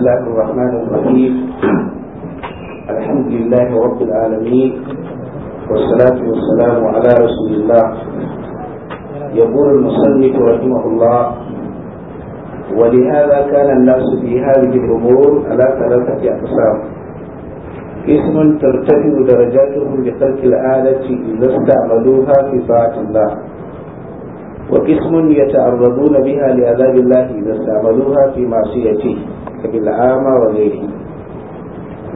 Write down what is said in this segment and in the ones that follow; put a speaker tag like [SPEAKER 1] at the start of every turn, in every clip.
[SPEAKER 1] الله الرحمن الرحيم الحمد لله رب العالمين والصلاة والسلام على رسول الله يقول المصنف رحمه الله ولهذا كان الناس في هذه الأمور على ثلاثة أقسام قسم ترتفع درجاتهم بخلق الآلة إذا استعملوها في طاعة الله وقسم يتعرضون بها لعذاب الله إذا استعملوها في معصيته الأعمى وغيره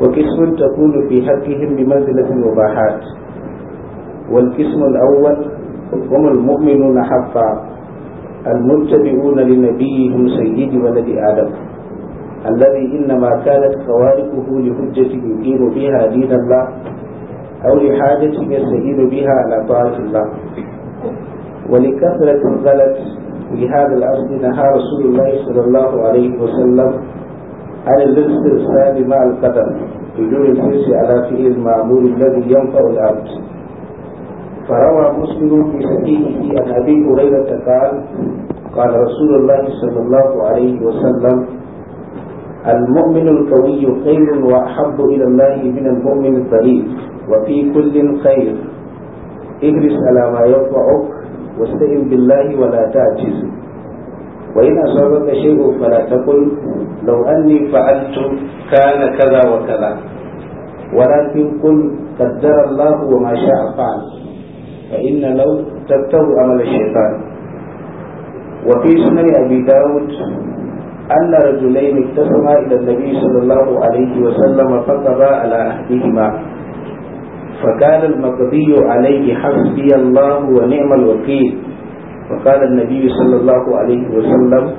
[SPEAKER 1] وقسم تكون في حقهم بمنزلة المباحات والقسم الأول هم المؤمنون حقا المتبعون لنبيهم سيد ولد آدم الذي إنما كانت خوارقه لحجة يقيم بها دين الله أو لحاجة يستعين بها على طاعة الله ولكثرة الغلط لهذا الأصل نهى رسول الله صلى الله عليه وسلم عن الاسترسال مع القدم بدون الحرص على فئه المعمول الذي ينفع العبد فروى مسلم في صحيحه عن ابي هريره قال قال رسول الله صلى الله عليه وسلم المؤمن القوي خير واحب الى الله من المؤمن الضعيف وفي كل خير اجلس على ما ينفعك واستعن بالله ولا تعجز وإن أصابك شيء فلا تقل لو أني فعلت كان كذا وكذا ولكن قل قدر الله وما شاء فعل فإن لو تبتغوا عمل الشيطان وفي سنن أبي داود أن رجلين اقتسما إلى النبي صلى الله عليه وسلم فقضى على أحدهما فكان المقضي عليه حسبي الله ونعم الوكيل فقال النبي صلى الله عليه وسلم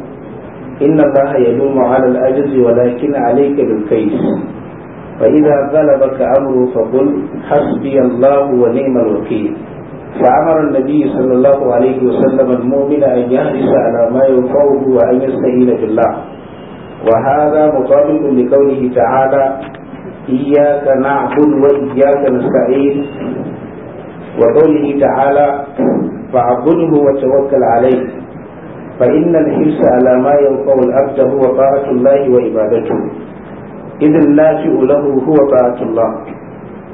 [SPEAKER 1] إن الله يلوم على الأجز ولكن عليك بالكيس فإذا غلبك أمره فقل حسبي الله ونعم الوكيل فأمر النبي صلى الله عليه وسلم المؤمن أن يحرص على ما ينفعه وأن يستعين بالله وهذا مطابق لقوله تعالى إياك نعبد وإياك نستعين وقوله تعالى فاعبده وتوكل عليه فإن الحرص على ما ينفع العبد هو طاعة الله وعبادته إذ النافع له هو طاعة الله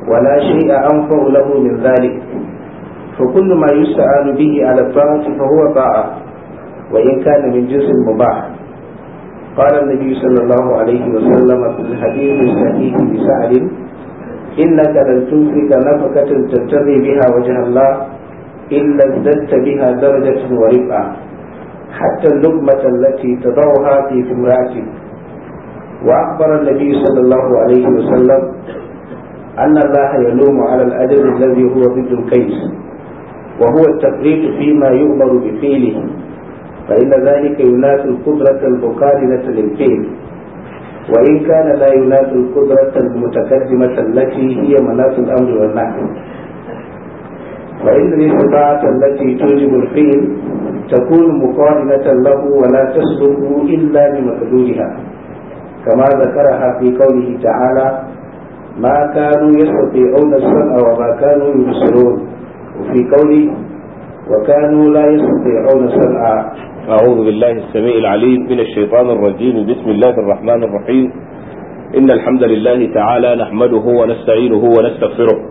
[SPEAKER 1] ولا شيء أنفع له من ذلك فكل ما يستعان به على الطاعة فهو طاعة وإن كان من جنس المباح قال النبي صلى الله عليه وسلم في الحديث الصحيح بسعد إنك لن تنفق نفقة تبتغي بها وجه الله إلا ازددت بها درجة ورفعة حتى اللقمة التي تضعها في امرأتك وأخبر النبي صلى الله عليه وسلم أن الله يلوم على الأدب الذي هو ضد الكيس وهو التفريط فيما يؤمر بفعله فإن ذلك ينافي القدرة المقارنة للفعل وإن كان لا ينافي القدرة المتقدمة التي هي مناط الأمر والنهي فإن الانقطاعة التي توجب الفيل تكون مقارنة له ولا تسبق إلا بمقدورها كما ذكرها في قوله تعالى ما كانوا يستطيعون السمع وما كانوا يبصرون وفي قوله وكانوا لا يستطيعون السمع أعوذ بالله السميع العليم من الشيطان الرجيم بسم الله الرحمن
[SPEAKER 2] الرحيم إن الحمد لله تعالى نحمده ونستعينه ونستغفره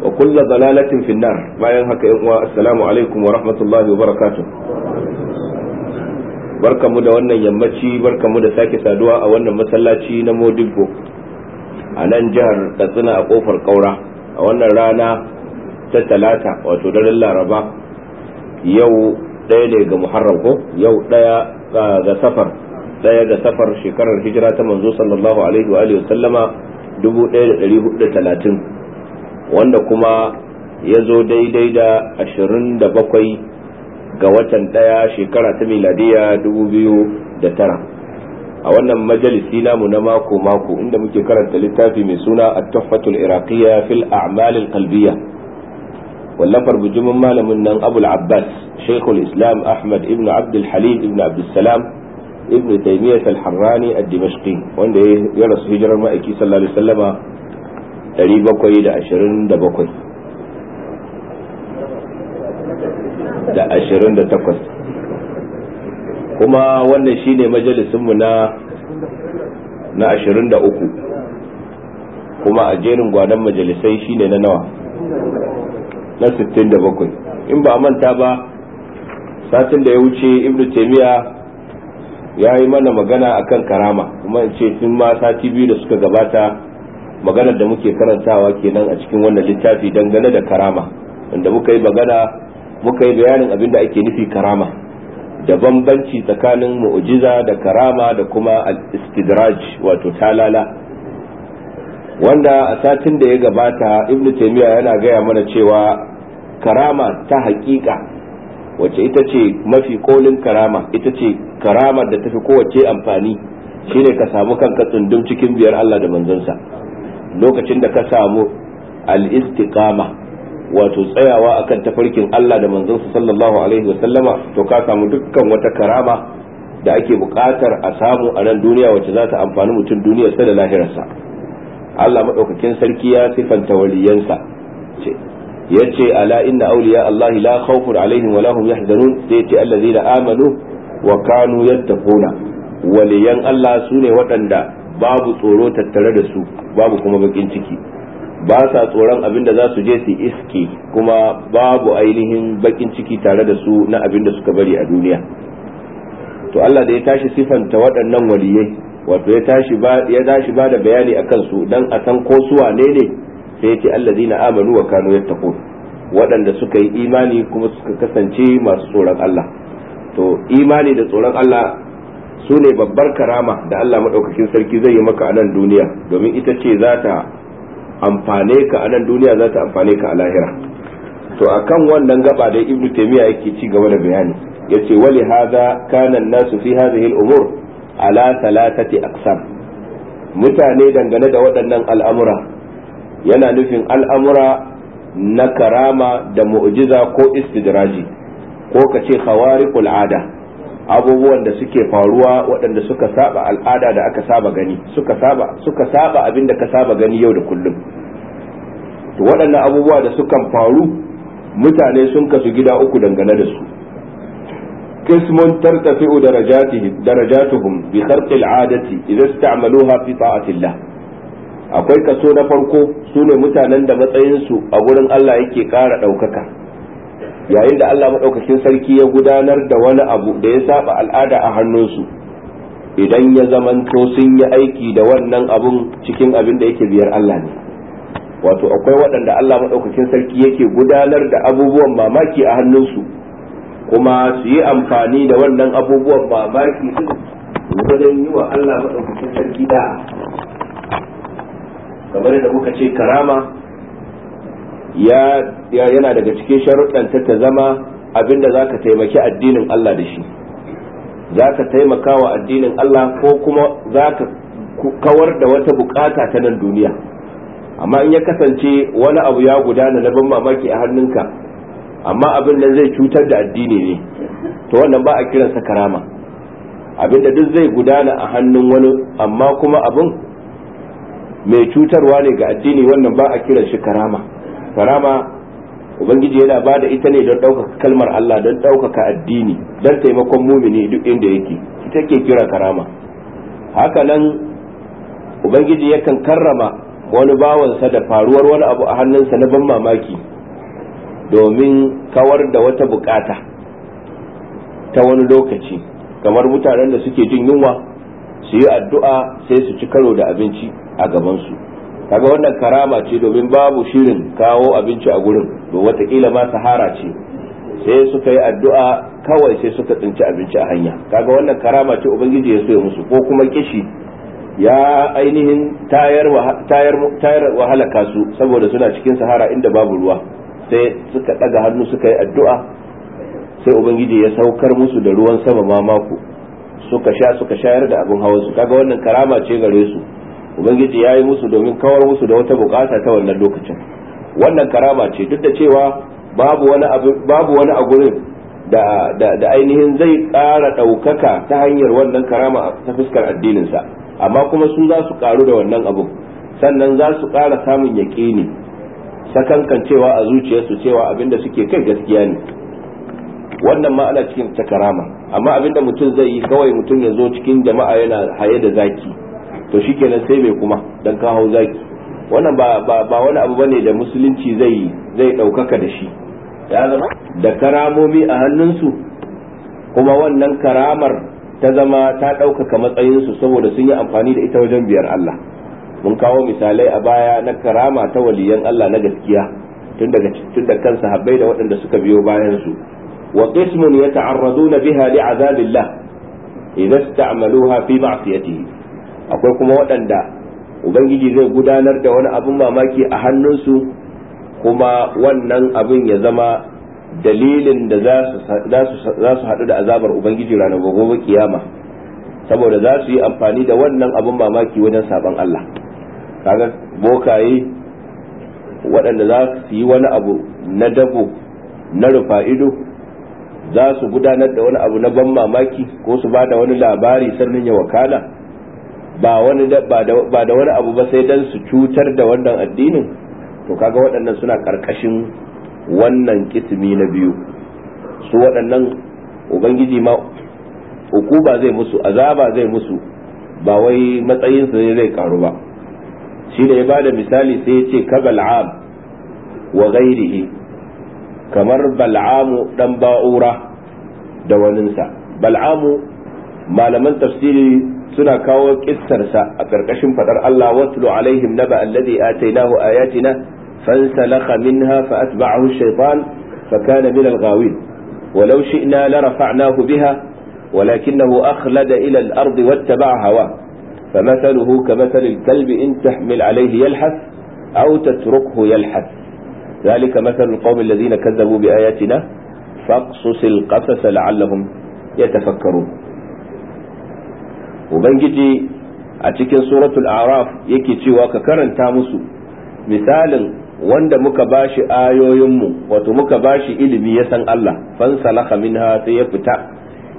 [SPEAKER 2] wa kullu dalalatin fin nar bayan haka yan uwa assalamu alaikum wa rahmatullahi wa barkamu da wannan yammaci barkamu da sake saduwa a wannan masallaci na Modibbo a nan jihar Katsina a kofar Kaura a wannan rana ta talata wato daren Laraba yau ɗaya ne ga Muharram ko yau ɗaya ga safar ɗaya ga safar shekarar hijira ta manzo sallallahu alaihi wa alihi wa sallama 1430 wanda kuma ya zo daidai da 27 ga watan ɗaya shekara ta miladiya 2009 a wannan majalisi namu na mako-mako inda muke karanta littafi mai suna a tuhfatul iraqiyya fil a'mal qalbiyya wallafar bujimin malamin nan abul abbas shaykhul islam ahmad ibn abd al-halim ibn abd salam ibn taymiyyah al-harrani ad-dimashqi wanda ya rasu hijirar ma'aiki sallallahu alaihi wasallama 727 da da kuma wannan shine majalisunmu na na 23 kuma a jerin gwanon majalisai shine na nawa na 67 in ba manta ba satin da ya wuce ibnu taymiya ya yi mana magana akan karama kuma in ce sun ma sati biyu da suka gabata maganar da muke karantawa kenan a cikin wannan littafi dangane da karama inda muka yi magana muka yi bayanin abin da ake nufi karama da bambanci tsakanin mu'jiza da karama da kuma al-istidraj wato talala wanda a satin da ya gabata Ibn taymiya yana gaya mana cewa karama ta haƙiƙa wace ita ce mafi kolin karama ita ce karamar da tafi kowace amfani shine ka samu kanka tsundum cikin biyar Allah da manzonsa lokacin da ka samu al-istiqama wato tsayawa akan tafarkin Allah da manzonsa sallallahu alaihi wa sallama to ka samu dukkan wata karama da ake buƙatar a samu a nan duniya wacce za ta amfani mutum sai da lahirarsa Allah madaukakin sarki ya sifanta waliyansa ya ce ala inna awliya Allah la khawfun alaihim wa la hum yahzanun sai ya allazina amanu wa kanu yattaquna waliyan Allah sune waɗanda babu tsoro tattare da su babu kuma bakin ciki ba sa tsoron abin da za su je su iske kuma babu ainihin bakin ciki tare da su na abin da suka bari a duniya to Allah da ya tashi sifanta waɗannan waliyai wato ya tashi ba ya tashi ba da bayani akan su dan a san ko su wane ne sai ya ce allazina amanu wa kanu yattaqun waɗanda suka yi imani kuma suka kasance masu tsoron Allah to imani da tsoron Allah su ne babbar karama da Allah maɗaukakin sarki zai yi maka a nan duniya domin ita ce za ta amfane ka a nan duniya za ta amfane ka a lahira to akan wannan gaba da ibnu taymiya yake ci gaba da bayani yace wali hadha kana nasu fi hadhihi al-umur ala thalathati aqsam mutane dangane da waɗannan al'amura yana nufin al'amura na karama da mu'jiza ko istidraji ko kace khawariqul 'ada abubuwan da suke faruwa waɗanda suka saba al'ada da aka saba gani suka saba suka saba abin da ka saba gani yau da kullum to waɗannan abubuwa da sukan faru mutane sun kasu gida uku dangane da su qismun tartafi'u darajatihi darajatuhum bi kharqi al'adati idza ista'maluha fi ta'atillah akwai kaso na farko sune mutanen da matsayin su a gurin Allah yake ƙara ɗaukaka yayin da Allah maɗaukakin sarki ya gudanar da wani abu da ya saba al'ada a hannunsu idan ya zamanto sun yi aiki da wannan abun cikin abin da yake biyar Allah ne wato akwai waɗanda Allah maɗaukakin sarki yake gudanar da abubuwan mamaki a hannunsu kuma su yi amfani da wannan abubuwan mamaki wajen yi wa Allah maɗaukakin sarki da kamar da muka ce karama ya yana daga cikin sharuɗan ta ta zama abinda za ka taimaki addinin Allah da shi za ka taimaka wa addinin Allah ko kuma za ka kawar da wata bukata ta nan duniya amma in ya kasance wani abu ya gudana na ban mamaki a hannunka amma abin nan zai cutar da addini ne to wannan ba a kiransa karama abinda duk zai gudana a hannun wani amma kuma abin mai cutarwa ne ga addini wannan ba a kiran shi karama karama ubangiji yana ba da ita ne don ɗaukaka kalmar Allah don ɗaukaka addini don taimakon mumini duk inda yake ita ke kira karama haka nan ubangiji yakan karrama wani bawansa da faruwar wani abu a hannunsa na ban mamaki domin kawar da wata bukata ta wani lokaci kamar mutanen da suke jin yunwa su yi addu'a sai su ci karo da abinci a gabansu kaga wannan karama ce domin babu shirin kawo abinci a gurin to watakila ma sahara ce sai suka yi addu'a kawai sai suka tsinci abinci a hanya kaga wannan karama ce ubangiji ya soya musu ko kuma kishi ya ainihin tayar wahalaka su saboda suna cikin sahara inda babu ruwa sai suka ɗaga hannu suka yi addu'a sai ubangiji ya saukar musu da ruwan sama ma suka sha suka shayar da abin su kaga wannan karama ce gare su ubangiji ya yi musu domin kawar musu da wata bukata ta wannan lokacin wannan karama ce duk da cewa babu wani babu wani a gurin da ainihin zai kara ɗaukaka ta hanyar wannan karama ta fuskar addininsa amma kuma su za su karu da wannan abu sannan za su ƙara samun yaƙini sakankan cewa a zuciyarsu cewa abinda suke kai gaskiya ne wannan ma ana cikin ta karama amma abinda mutum zai yi kawai mutum ya zo cikin jama'a yana haye da zaki to shikenan sai mai kuma dan ka hau zaki wannan ba wani abu bane da musulunci zai zai daukaka da shi ya zama da karamomi a hannunsu kuma wannan karamar ta zama ta ɗaukaka matsayinsu saboda sun yi amfani da ita wajen biyar Allah mun kawo misalai a baya na karama ta waliyan Allah na gaskiya tun daga tun da kansa habbai da waɗanda suka biyo bayan su wa qismun yata'arraduna biha li'azabillah idza ista'maluha fi ma'siyatihi akwai kuma waɗanda ubangiji zai gudanar da wani abin mamaki a hannunsu kuma wannan abin ya zama dalilin da za su haɗu da azabar ubangiji ranar gobe kiyama saboda za su yi amfani da wannan abin mamaki wajen saban Allah kaga bokaye waɗanda za su yi wani abu na dabo na rufa ido za su gudanar da wani abu na ban mamaki ko su ba da wani labari sannan ya wakala ba wani ba da wani abu ba sai dan su cutar da wannan addinin to kaga waɗannan suna karkashin wannan kitimi na biyu su waɗannan ubangiji ma uku ba zai musu azaba zai musu ba wai matsayin su zai karu ba shi da ya da misali sai ya ce ka bal'am wa ghairihi kamar bal'amu dan ba'ura da waninsa bal'amu malaman tafsiri suna kawo kissarsa a ƙarƙashin faɗar Allah watlu alaihim naba alladhi atainahu ayatina fansalakha minha fa atba'ahu shaytan fa kana min al-ghawin walau shi'na la rafa'nahu biha walakinahu akhlada ila al-ard ittaba'a hawa فمثله كمثل الكلب إن تحمل عليه يلحث أو تتركه يلحث ذلك مثل القوم الذين كذبوا بآياتنا فاقصص القصص لعلهم يتفكرون ubangiji a cikin suratul araf yake cewa ka karanta musu misalin wanda muka bashi ayoyinmu wato muka bashi ilimi ya san Allah fansalaka minha sai ya fita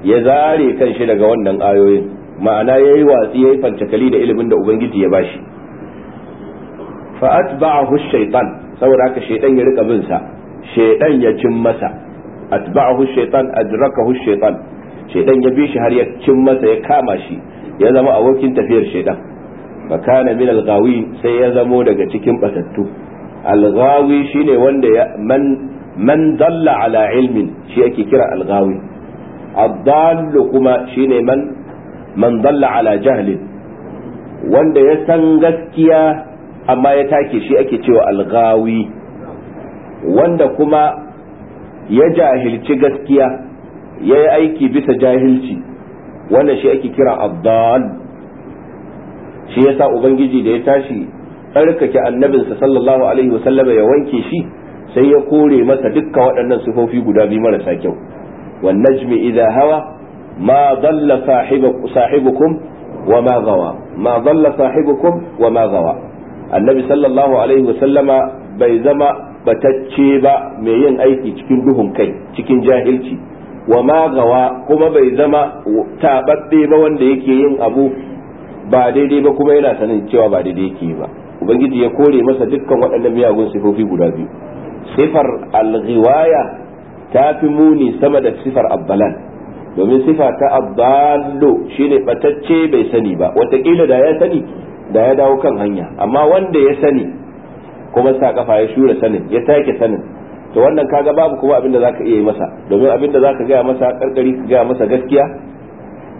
[SPEAKER 2] ya zare kan shi daga wannan ayoyin ma'ana ya yi watsi ya yi fancakali da ilimin da ubangiji ya bashi fa'atba'ahu shaitan saboda haka shaitan ya rika bin sa shaitan ya cin masa atba'ahu shaitan adrakahu shaitan shaitan ya bi shi har ya cin masa ya kama shi ya zama abokin tafiyar shaidan ba kana min al sai ya zamo daga cikin batattu al-ghawi shine wanda man man dalla ala ilmin shi ake kira al-ghawi ad-dallu kuma shine man man dalla ala jahlin wanda ya san gaskiya amma ya take shi ake cewa al wanda kuma ya jahilci gaskiya ya yi aiki bisa jahilci wannan shi ake kira abdal shi yasa ubangiji da ya tashi tsarkake annabinsa sallallahu alaihi wasallama ya wanke shi sai ya kore masa dukka waɗannan sifofi guda biyu marasa kyau wan najmi idha hawa ma dalla sahibukum wa ma gawa ma dalla sahibukum wa ma gawa annabi sallallahu alaihi wasallama bai zama batacce ba mai yin aiki cikin duhun kai cikin jahilci wa magawa kuma bai zama taɓaɓɓe ba wanda yake yin abu ba daidai ba kuma yana sanin cewa ba daidai yake ba ubangiji ya kore masa dukkan waɗannan miyagun sifofi guda biyu sifar alghiwaya ta fi muni sama da sifar abbalan domin sifa ta abbalo shine batacce bai sani ba watakila da ya sani da ya dawo kan hanya amma wanda ya sani kuma sa kafa ya shura sanin ya take sanin to wannan kaga babu kuma abin da ka iya yi masa domin abin da zaka gaya masa karkari ka gaya masa gaskiya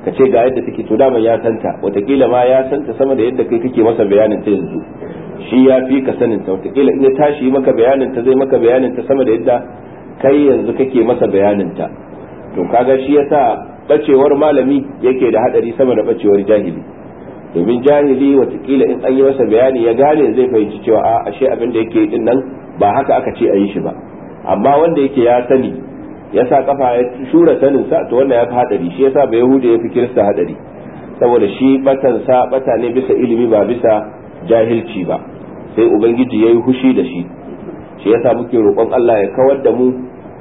[SPEAKER 2] ka ce ga yadda take to daman ya santa watakila ma ya santa sama da yadda kai kake masa bayanin ta yanzu shi ya fi ka sanin ta watakila in ya tashi maka bayanin ta zai maka bayanin ta sama da yadda kai yanzu kake masa bayanin ta to kaga shi yasa bacewar malami yake da hadari sama da bacewar jahili domin jahili watakila in an yi masa bayani ya gane zai fahimci cewa a ashe abin da yake din nan ba haka aka ce a yi shi ba amma wanda yake ya sani ya sa kafa ya shura sanin sa to wannan ya fi hadari shi yasa ba yahudu ya fi kirista hadari saboda shi batan sa bata ne bisa ilimi ba bisa jahilci ba sai ubangiji yayi hushi da shi shi yasa muke roƙon Allah ya kawar da mu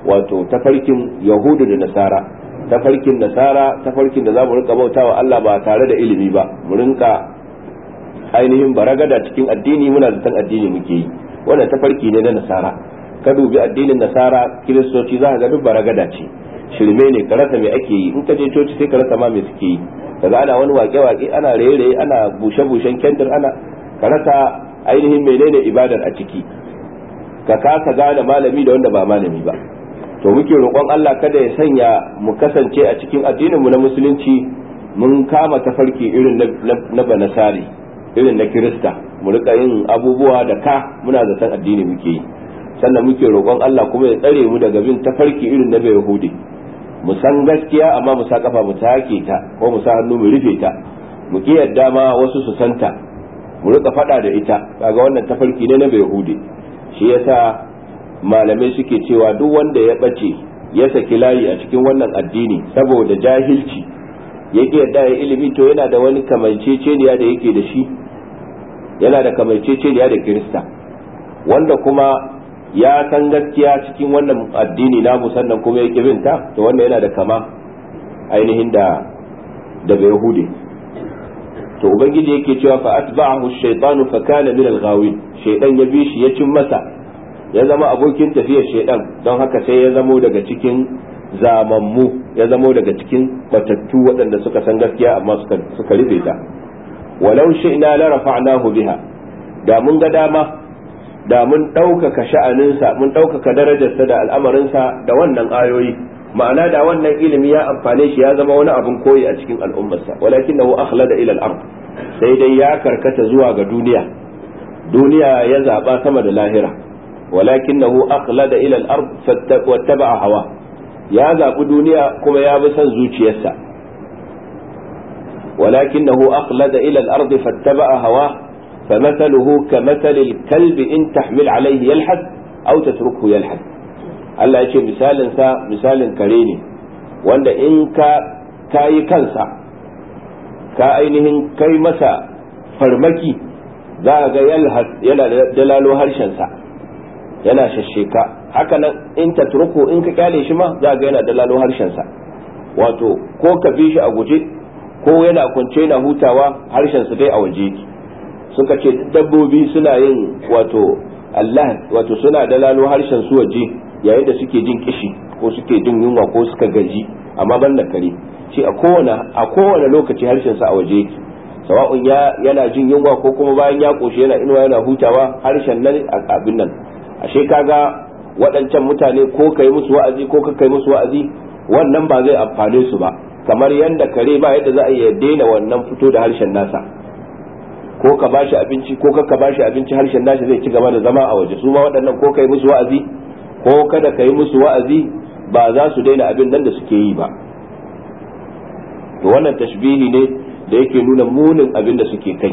[SPEAKER 2] wato tafarkin yahudu da nasara tafarkin nasara tafarkin da za mu rinka bautawa Allah ba tare da ilimi ba mu rinka ainihin baragada cikin addini muna zaton addini muke yi wannan tafarki ne na nasara ka dubi addinin nasara kiristoci za ka ga duk baragada ce shirme ne ka rasa me ake yi in ka je coci sai ka rasa ma me suke yi kaga ana wani wake-wake ana rere ana bushe-bushen kendir ana ka rasa ainihin menene ibadar a ciki ka kasa gane malami da wanda ba malami ba to muke roƙon Allah kada ya sanya mu kasance a cikin addinin mu na musulunci mun kama tafarki irin na banasari irin na kirista mu rika yin abubuwa da ka muna zaton addini muke yi sannan muke roƙon Allah kuma ya tsare mu daga bin tafarki irin na bai yahudi mu san gaskiya amma mu sa kafa mu take ta ko mu sa hannu mu rufe ta mu ki yadda ma wasu su santa mu rika faɗa da ita kaga wannan tafarki ne na bai yahudi shi yasa malamai suke cewa duk wanda ya bace ya saki layi a cikin wannan addini saboda jahilci yake yadda ya ilimi to yana da wani kamanceceniya da yake da shi yana da kamanceceniya da kirista wanda kuma ya san gaskiya cikin wannan addini namu sannan kuma ya kibinta to wannan yana da kama ainihin da daga yahudi to ubangiji yake cewa fa atba'ahu ash-shaytanu fa kana min al-ghawin shaytan ya bi shi ya cin masa ya zama abokin tafiyar shaytan don haka sai ya zamo daga cikin zamammu ya zamo daga cikin batattu waɗanda suka san gaskiya amma suka suka rufe ta walau shi'na la rafa'nahu biha da mun ga dama da mun ɗaukaka sha'aninsa mun ɗaukaka darajarsa da al'amarinsa da wannan ayoyi ma'ana da wannan ilimi ya amfane shi ya zama wani abin koyi a cikin al'ummarsa walakin na akhlada da ilal ard sai dai ya karkata zuwa ga duniya duniya ya zaba sama da lahira walakin na akhlada da ilal ard fattaba hawa ya zabi duniya kuma ya bi son zuciyarsa walakin na akhlada da ilal ard fattaba hawa فمثله كمثل الكلب إن تحمل عليه يلحد أو تتركه يلحد Allah ya ce misalinsa misalin kare ne wanda in ka kansa ka ainihin kai masa farmaki za a ga yana dalalo harshensa yana shasheka haka in ta turko in ka kyale shi ma za ga yana dalalo harshensa wato ko ka bi shi a guji ko yana kwance yana hutawa su dai a waje suka ce dabbobi suna yin wato Allah wato suna dalalo harshen su waje yayin da suke jin kishi ko suke jin yunwa ko suka gaji amma ban da kare shi a kowane a kowane lokaci harshen sa a waje yake sawa'un ya yana jin yunwa ko kuma bayan ya koshi yana inuwa yana hutawa harshen nan a abin nan ashe kaga waɗancan mutane ko kai musu wa'azi ko ka kai musu wa'azi wannan ba zai amfane su ba kamar yadda kare ba yadda za a iya daina wannan fito da harshen nasa ko ka bashi abinci ko ka bashi abinci harshen nashi zai ci gaba da zama a waje su ma waɗannan ko kai musu wa'azi ko kada ka yi musu wa'azi ba za su daina abin nan da suke yi ba to wannan tashbihi ne da yake nuna munin abin da suke kai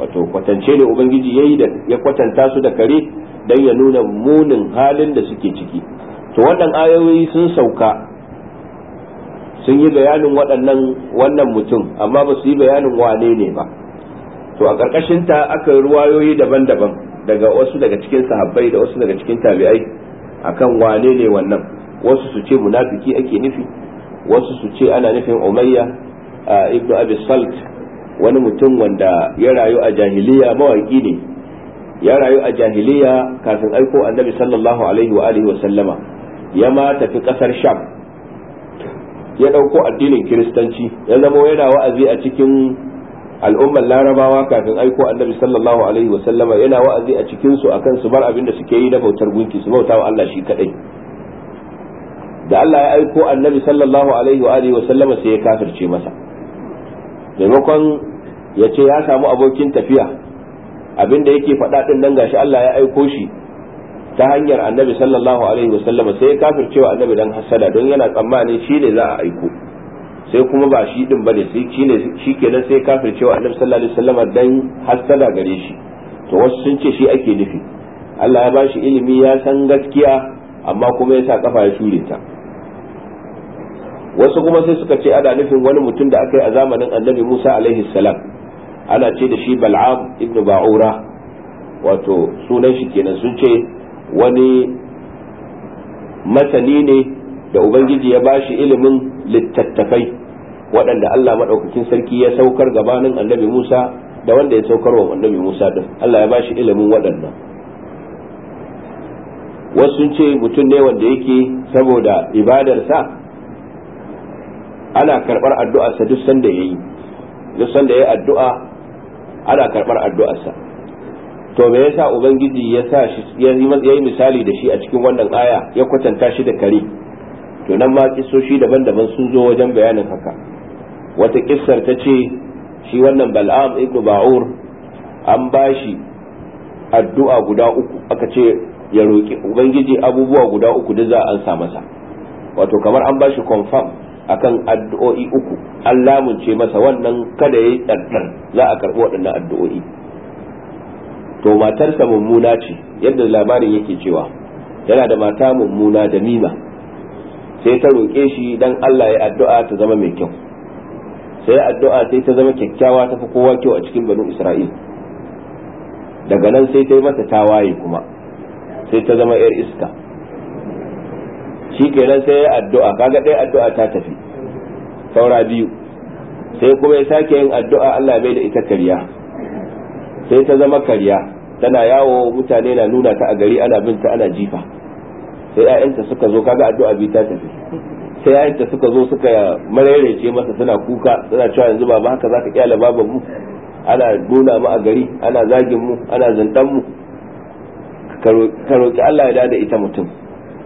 [SPEAKER 2] wato kwatance ne ubangiji yayi da ya kwatanta su da kare dan ya nuna munin halin da suke ciki to waɗannan ayoyi sun sauka sun yi bayanin waɗannan wannan mutum amma ba su yi bayanin wane ne ba to a ƙarƙashin ta aka yi ruwayoyi daban-daban daga wasu daga cikin sahabbai da wasu daga cikin tabi'ai akan wane ne wannan wasu su ce munafiki ake nufi wasu su ce ana nufin umayya ibnu abi salt wani mutum wanda ya rayu a jahiliya mawaki ne ya rayu a jahiliya kafin aiko annabi sallallahu alaihi wa alihi wa sallama ya ma tafi kasar sham ya dauko addinin kiristanci ya zama yana wa'azi a cikin al'ummar larabawa kafin aiko annabi sallallahu alaihi wa sallama yana wa'azi a cikin su akan su bar abin da suke yi na bautar gunki su bauta wa Allah shi kadai da Allah ya aiko annabi sallallahu alaihi wa alihi wa sallama sai ya kafirce masa maimakon ya ce ya samu abokin tafiya abin da yake faɗa din nan gashi Allah ya aiko shi ta hanyar annabi sallallahu alaihi wa sallama sai ya kafirce wa annabi dan hasada don yana tsammanin shi ne za a aiko sai kuma ba shi din bane sai shi ne shi kenan sai cewa annabi sallallahu alaihi wasallam dan hasada gare shi to wasu sun ce shi ake nufi Allah ya bashi ilimi ya san gaskiya amma kuma ya sa kafa ya shure ta wasu kuma sai suka ce ana nufin wani mutum da aka yi a zamanin annabi Musa alaihi salam ana ce da shi Bal'am ibn Ba'ura wato sunan shi kenan sun ce wani masani ne da ubangiji ya bashi ilimin littattafai waɗanda Allah maɗaukakin sarki ya saukar gabanin annabi Musa da wanda ya saukar wa annabi Musa din Allah ya ba shi ilimin waɗannan wasu ce mutum ne wanda yake saboda ibadarsa ana karɓar addu'arsa duk sanda ya yi duk sanda ya yi addu'a ana karɓar addu'arsa to me yasa ubangiji ya sa shi ya yi misali da shi a cikin wannan aya ya kwatanta shi da kare to nan ma kisoshi daban-daban sun zo wajen bayanin haka wata kissar ta ce shi wannan bal'am ibnu ba'ur an bashi addu'a guda uku aka ce ya roƙi ubangiji abubuwa guda uku da za an sa masa wato kamar an bashi confirm akan addu'o'i uku an lamunce masa wannan kada yayi tsardar za a karɓi waɗannan addu'o'i to matarsa mummuna ce yadda labarin yake cewa yana da mata mummuna da nima sai ta roƙe shi dan Allah ya addu'a ta zama mai kyau sai addu'a sai ta zama kyakkyawa ta fi kowa kyau a cikin banu isra'il daga nan sai ta yi masa tawaye kuma sai ta zama yar iska shi kenan sai ya addu'a kaga ɗaya addu'a ta tafi saura biyu sai kuma ya sake yin addu'a Allah bai da ita kariya sai ta zama kariya tana yawo mutane na nuna ta a gari ana binta ana jifa sai 'ya'yanta suka zo kaga addu'a biyu ta tafi ta yayin da suka zo suka ce masa suna kuka suna cewa yanzu baba haka zaka kyale babanmu mu ana nuna mu a gari ana zagin mu ana zantan mu ka roki Allah ya dada ita mutum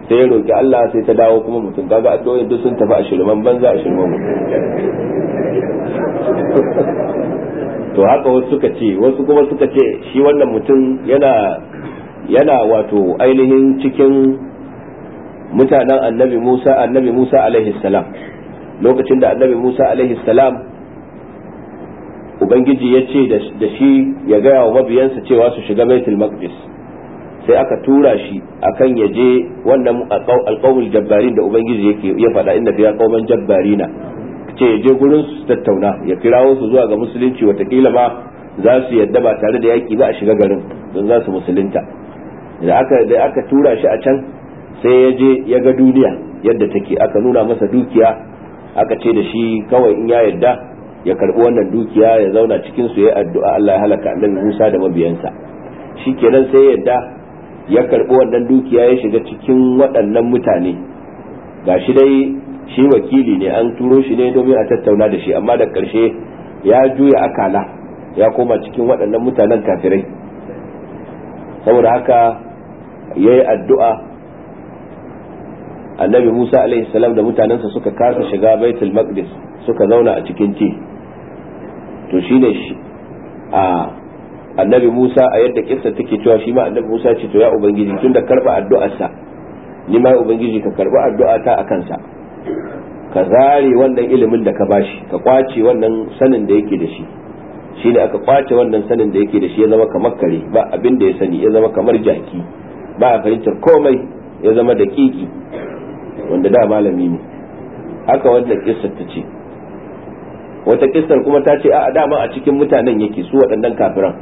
[SPEAKER 2] sai ya roki Allah sai ta dawo kuma mutum kaga addu'o'in duk sun tafi a shirman banza a shirman mutum to haka wasu suka ce wasu kuma suka ce shi wannan mutum yana yana wato ainihin cikin mutanen annabi Musa annabi Musa alaihi salam lokacin da annabi Musa alaihi salam ubangiji ya ce da shi ya gaya wa mabiyansa cewa su shiga baitul maqdis sai aka tura shi akan ya je wannan alqawul jabbarin da ubangiji yake ya faɗa inda fiya qauman jabbarina ce ya je gurin su tattauna ya kirawo su zuwa ga musulunci watakila ma za su yadda ba tare da yaki ba a shiga garin don za su musulunta da aka tura shi a can sai ya je ya ga duniya yadda take aka nuna masa dukiya aka ce da shi kawai in ya yarda ya karbi wannan dukiya ya zauna cikin su ya addu'a Allah ya halaka annabi Musa da mabiyansa shi shikenan sai ya yarda ya karbi wannan dukiya ya shiga cikin waɗannan mutane gashi dai shi wakili ne an turo shi ne domin a tattauna da shi amma da ƙarshe ya juya akala ya koma cikin waɗannan mutanen kafirai saboda haka ya yi addu'a annabi Musa alaihi salam da mutanensa suka kasa shiga baitul maqdis suka zauna a cikin ti to shine shi a annabi Musa a yadda kissa take cewa shi ma annabi Musa ce to ya ubangiji tunda karba addu'arsa ni ma ubangiji ka karba addu'a ta akan sa ka zare wannan ilimin da ka bashi ka kwace wannan sanin da yake da shi shine aka kwace wannan sanin da yake da shi ya zama kamar kare ba abin da ya sani ya zama kamar jaki ba a fahimtar komai ya zama da kiki wanda da malami ne haka wannan kissar ta ce wata kissar kuma ta ce a dama a cikin mutanen yake su waɗannan kafiran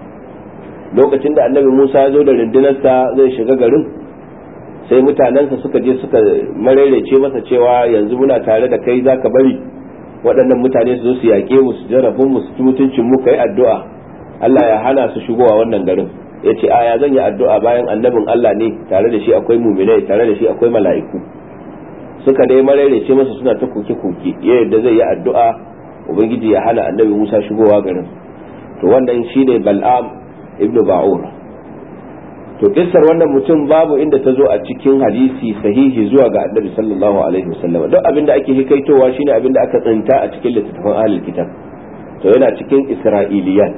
[SPEAKER 2] lokacin da annabi musa ya zo da rundunarsa zai shiga garin sai mutanensa suka je suka mararece masa cewa yanzu muna tare da kai zaka bari waɗannan mutane su zo su yaƙe mu su jarabin mu su mutuncin mu kai addu'a Allah ya hana su shigowa wannan garin ya ce ya zan yi addu'a bayan annabin Allah ne tare da shi akwai muminai tare da shi akwai mala'iku suka dai ce masa suna ta koke-koke ya yadda zai yi addu'a ubangiji ya hana annabi musa shigowa garin to wannan shine bal'am Ibn ba'ur to kissar wannan mutum babu inda ta zo a cikin hadisi sahihi zuwa ga annabi sallallahu alaihi wasallam duk abin da ake hikaitowa shine abin da aka tsinta a cikin littattafan ahlul kitab to yana cikin isra'iliyat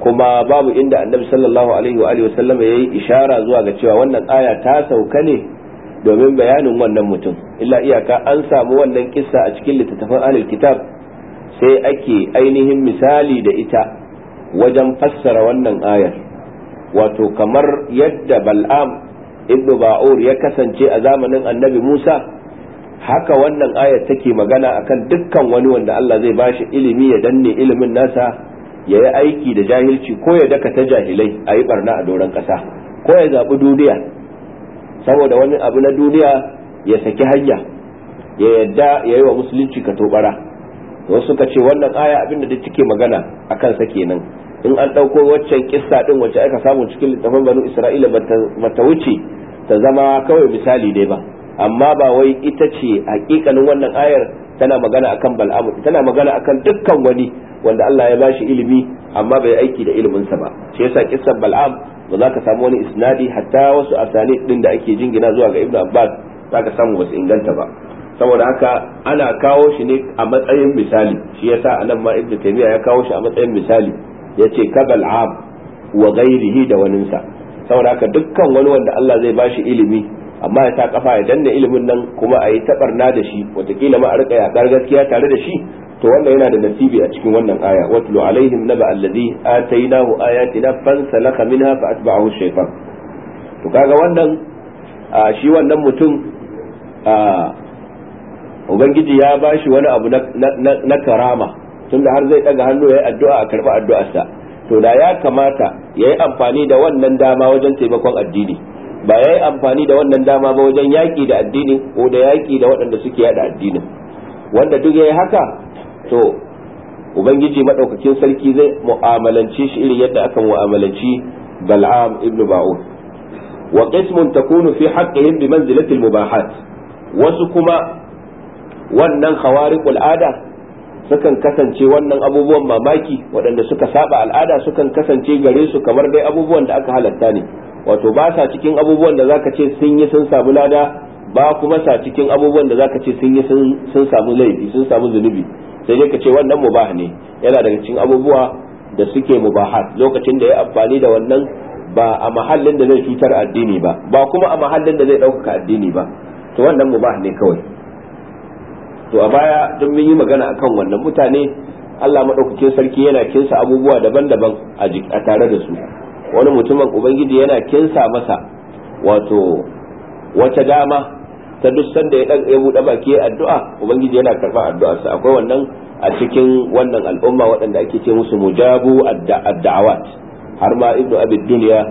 [SPEAKER 2] kuma babu inda annabi sallallahu alaihi wa alihi wasallam yayi ishara zuwa ga cewa wannan aya ta sauka ne domin bayanin wannan mutum illa iyaka an samu wannan kissa a cikin littattafan ahlul kitab sai ake ainihin misali da ita wajen fassara wannan ayar wato kamar yadda bal'am ibnu ba'ur ya kasance a zamanin annabi musa haka wannan ayar take magana akan dukkan wani wanda Allah zai ba shi ilimi ya danne ilimin nasa ya yi aiki da jahilci ko ya daka ta jahilai a yi barna a doron ƙasa ko ya zaɓi duniya saboda wani abu na duniya ya saki hanya ya yadda ya yi wa musulunci ka tobara wasu suka ce wannan aya abinda da take magana a kansa kenan in an ɗauko waccan kissa ɗin wacce aka samu cikin littafin banu isra'ila bata wuce ta zama kawai misali dai ba amma ba wai ita ce hakikanin wannan ayar tana magana akan bal'amu tana magana akan dukkan wani wanda Allah ya bashi ilimi amma bai aiki da ilimin sa ba shi yasa kissan bal'am ba za ka samu wani isnadi hatta wasu asani din da ake jingina zuwa ga ibnu abbas za ka samu wasu inganta ba saboda haka ana kawo shi ne a matsayin misali shi yasa anan ma ibnu taymiya ya kawo shi a matsayin misali yace ka bal'am wa ghairihi da waninsa saboda haka dukkan wani wanda Allah zai bashi ilimi amma ya sa kafa ya danna ilimin nan kuma a yi tabarna da shi watakila ma a rika yakar gaskiya tare da shi to wannan yana da nasibi a cikin wannan aya watlu alaihim naba allazi atainahu ayatina fansalakha minha fa atba'ahu shaytan to kaga wannan shi wannan mutum ubangiji ya bashi wani abu na karama tunda har zai daga hannu yayi addu'a a karba addu'arsa to da ya kamata yayi amfani da wannan dama wajen taimakon addini ba ya yi amfani da wannan dama ba wajen yaƙi da addini ko da yaƙi da waɗanda suke yada addinin wanda duk ya yi haka to ubangiji maɗaukakin sarki zai mu'amalanci shi irin yadda aka mu'amalanci bal'am ibn ba'un wa qismun takunu fi haqqihim bi manzilati al-mubahat wasu kuma wannan khawariqul ada sukan kasance wannan abubuwan mamaki waɗanda suka saba al'ada sukan kasance gare su kamar dai abubuwan da aka halatta ne wato ba sa cikin abubuwan da zaka ce sun yi sun samu lada ba kuma sa cikin abubuwan da zaka ce sun yi sun samu laifi sun samu zunubi sai dai ka ce wannan mubah ne yana daga cikin abubuwa da suke mubahat lokacin da ya amfani da wannan ba a mahallin da zai cutar addini ba ba kuma a mahallin da zai ɗaukaka addini ba to wannan mubah ne kawai to a baya don mun yi magana akan wannan mutane Allah maɗaukakin sarki yana kinsa abubuwa daban-daban a tare da su wani mutumin ubangiji yana kinsa masa wato wata dama ta duk sanda ya dan buɗe baki addu'a ubangiji yana karɓar sa akwai wannan a cikin wannan al'umma waɗanda ake ce musu mujabu ad-da'awat har ma ibnu abi dunya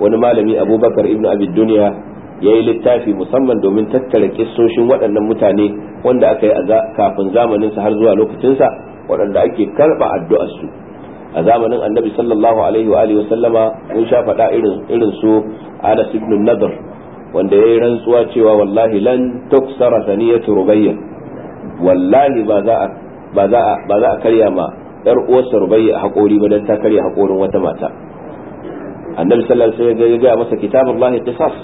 [SPEAKER 2] wani malami abubakar ibnu abi dunya yayi littafi musamman domin tattara kissoshin waɗannan mutane wanda aka yi kafin zamanin sa har zuwa lokacin waɗanda ake karɓa su. a zamanin annabi sallallahu alaihi wa alihi wasallama mun sha faɗa irin irin su Anas ibn Nadr wanda yayi rantsuwa cewa wallahi lan tuksara saniyatu rubayya wallahi ba za a ba za a ba za a karya ma yar uwarsa rubayya hakori ba dan ta karya haƙorin wata mata annabi sallallahu alaihi wasallam ya ga masa kitabullahi qisas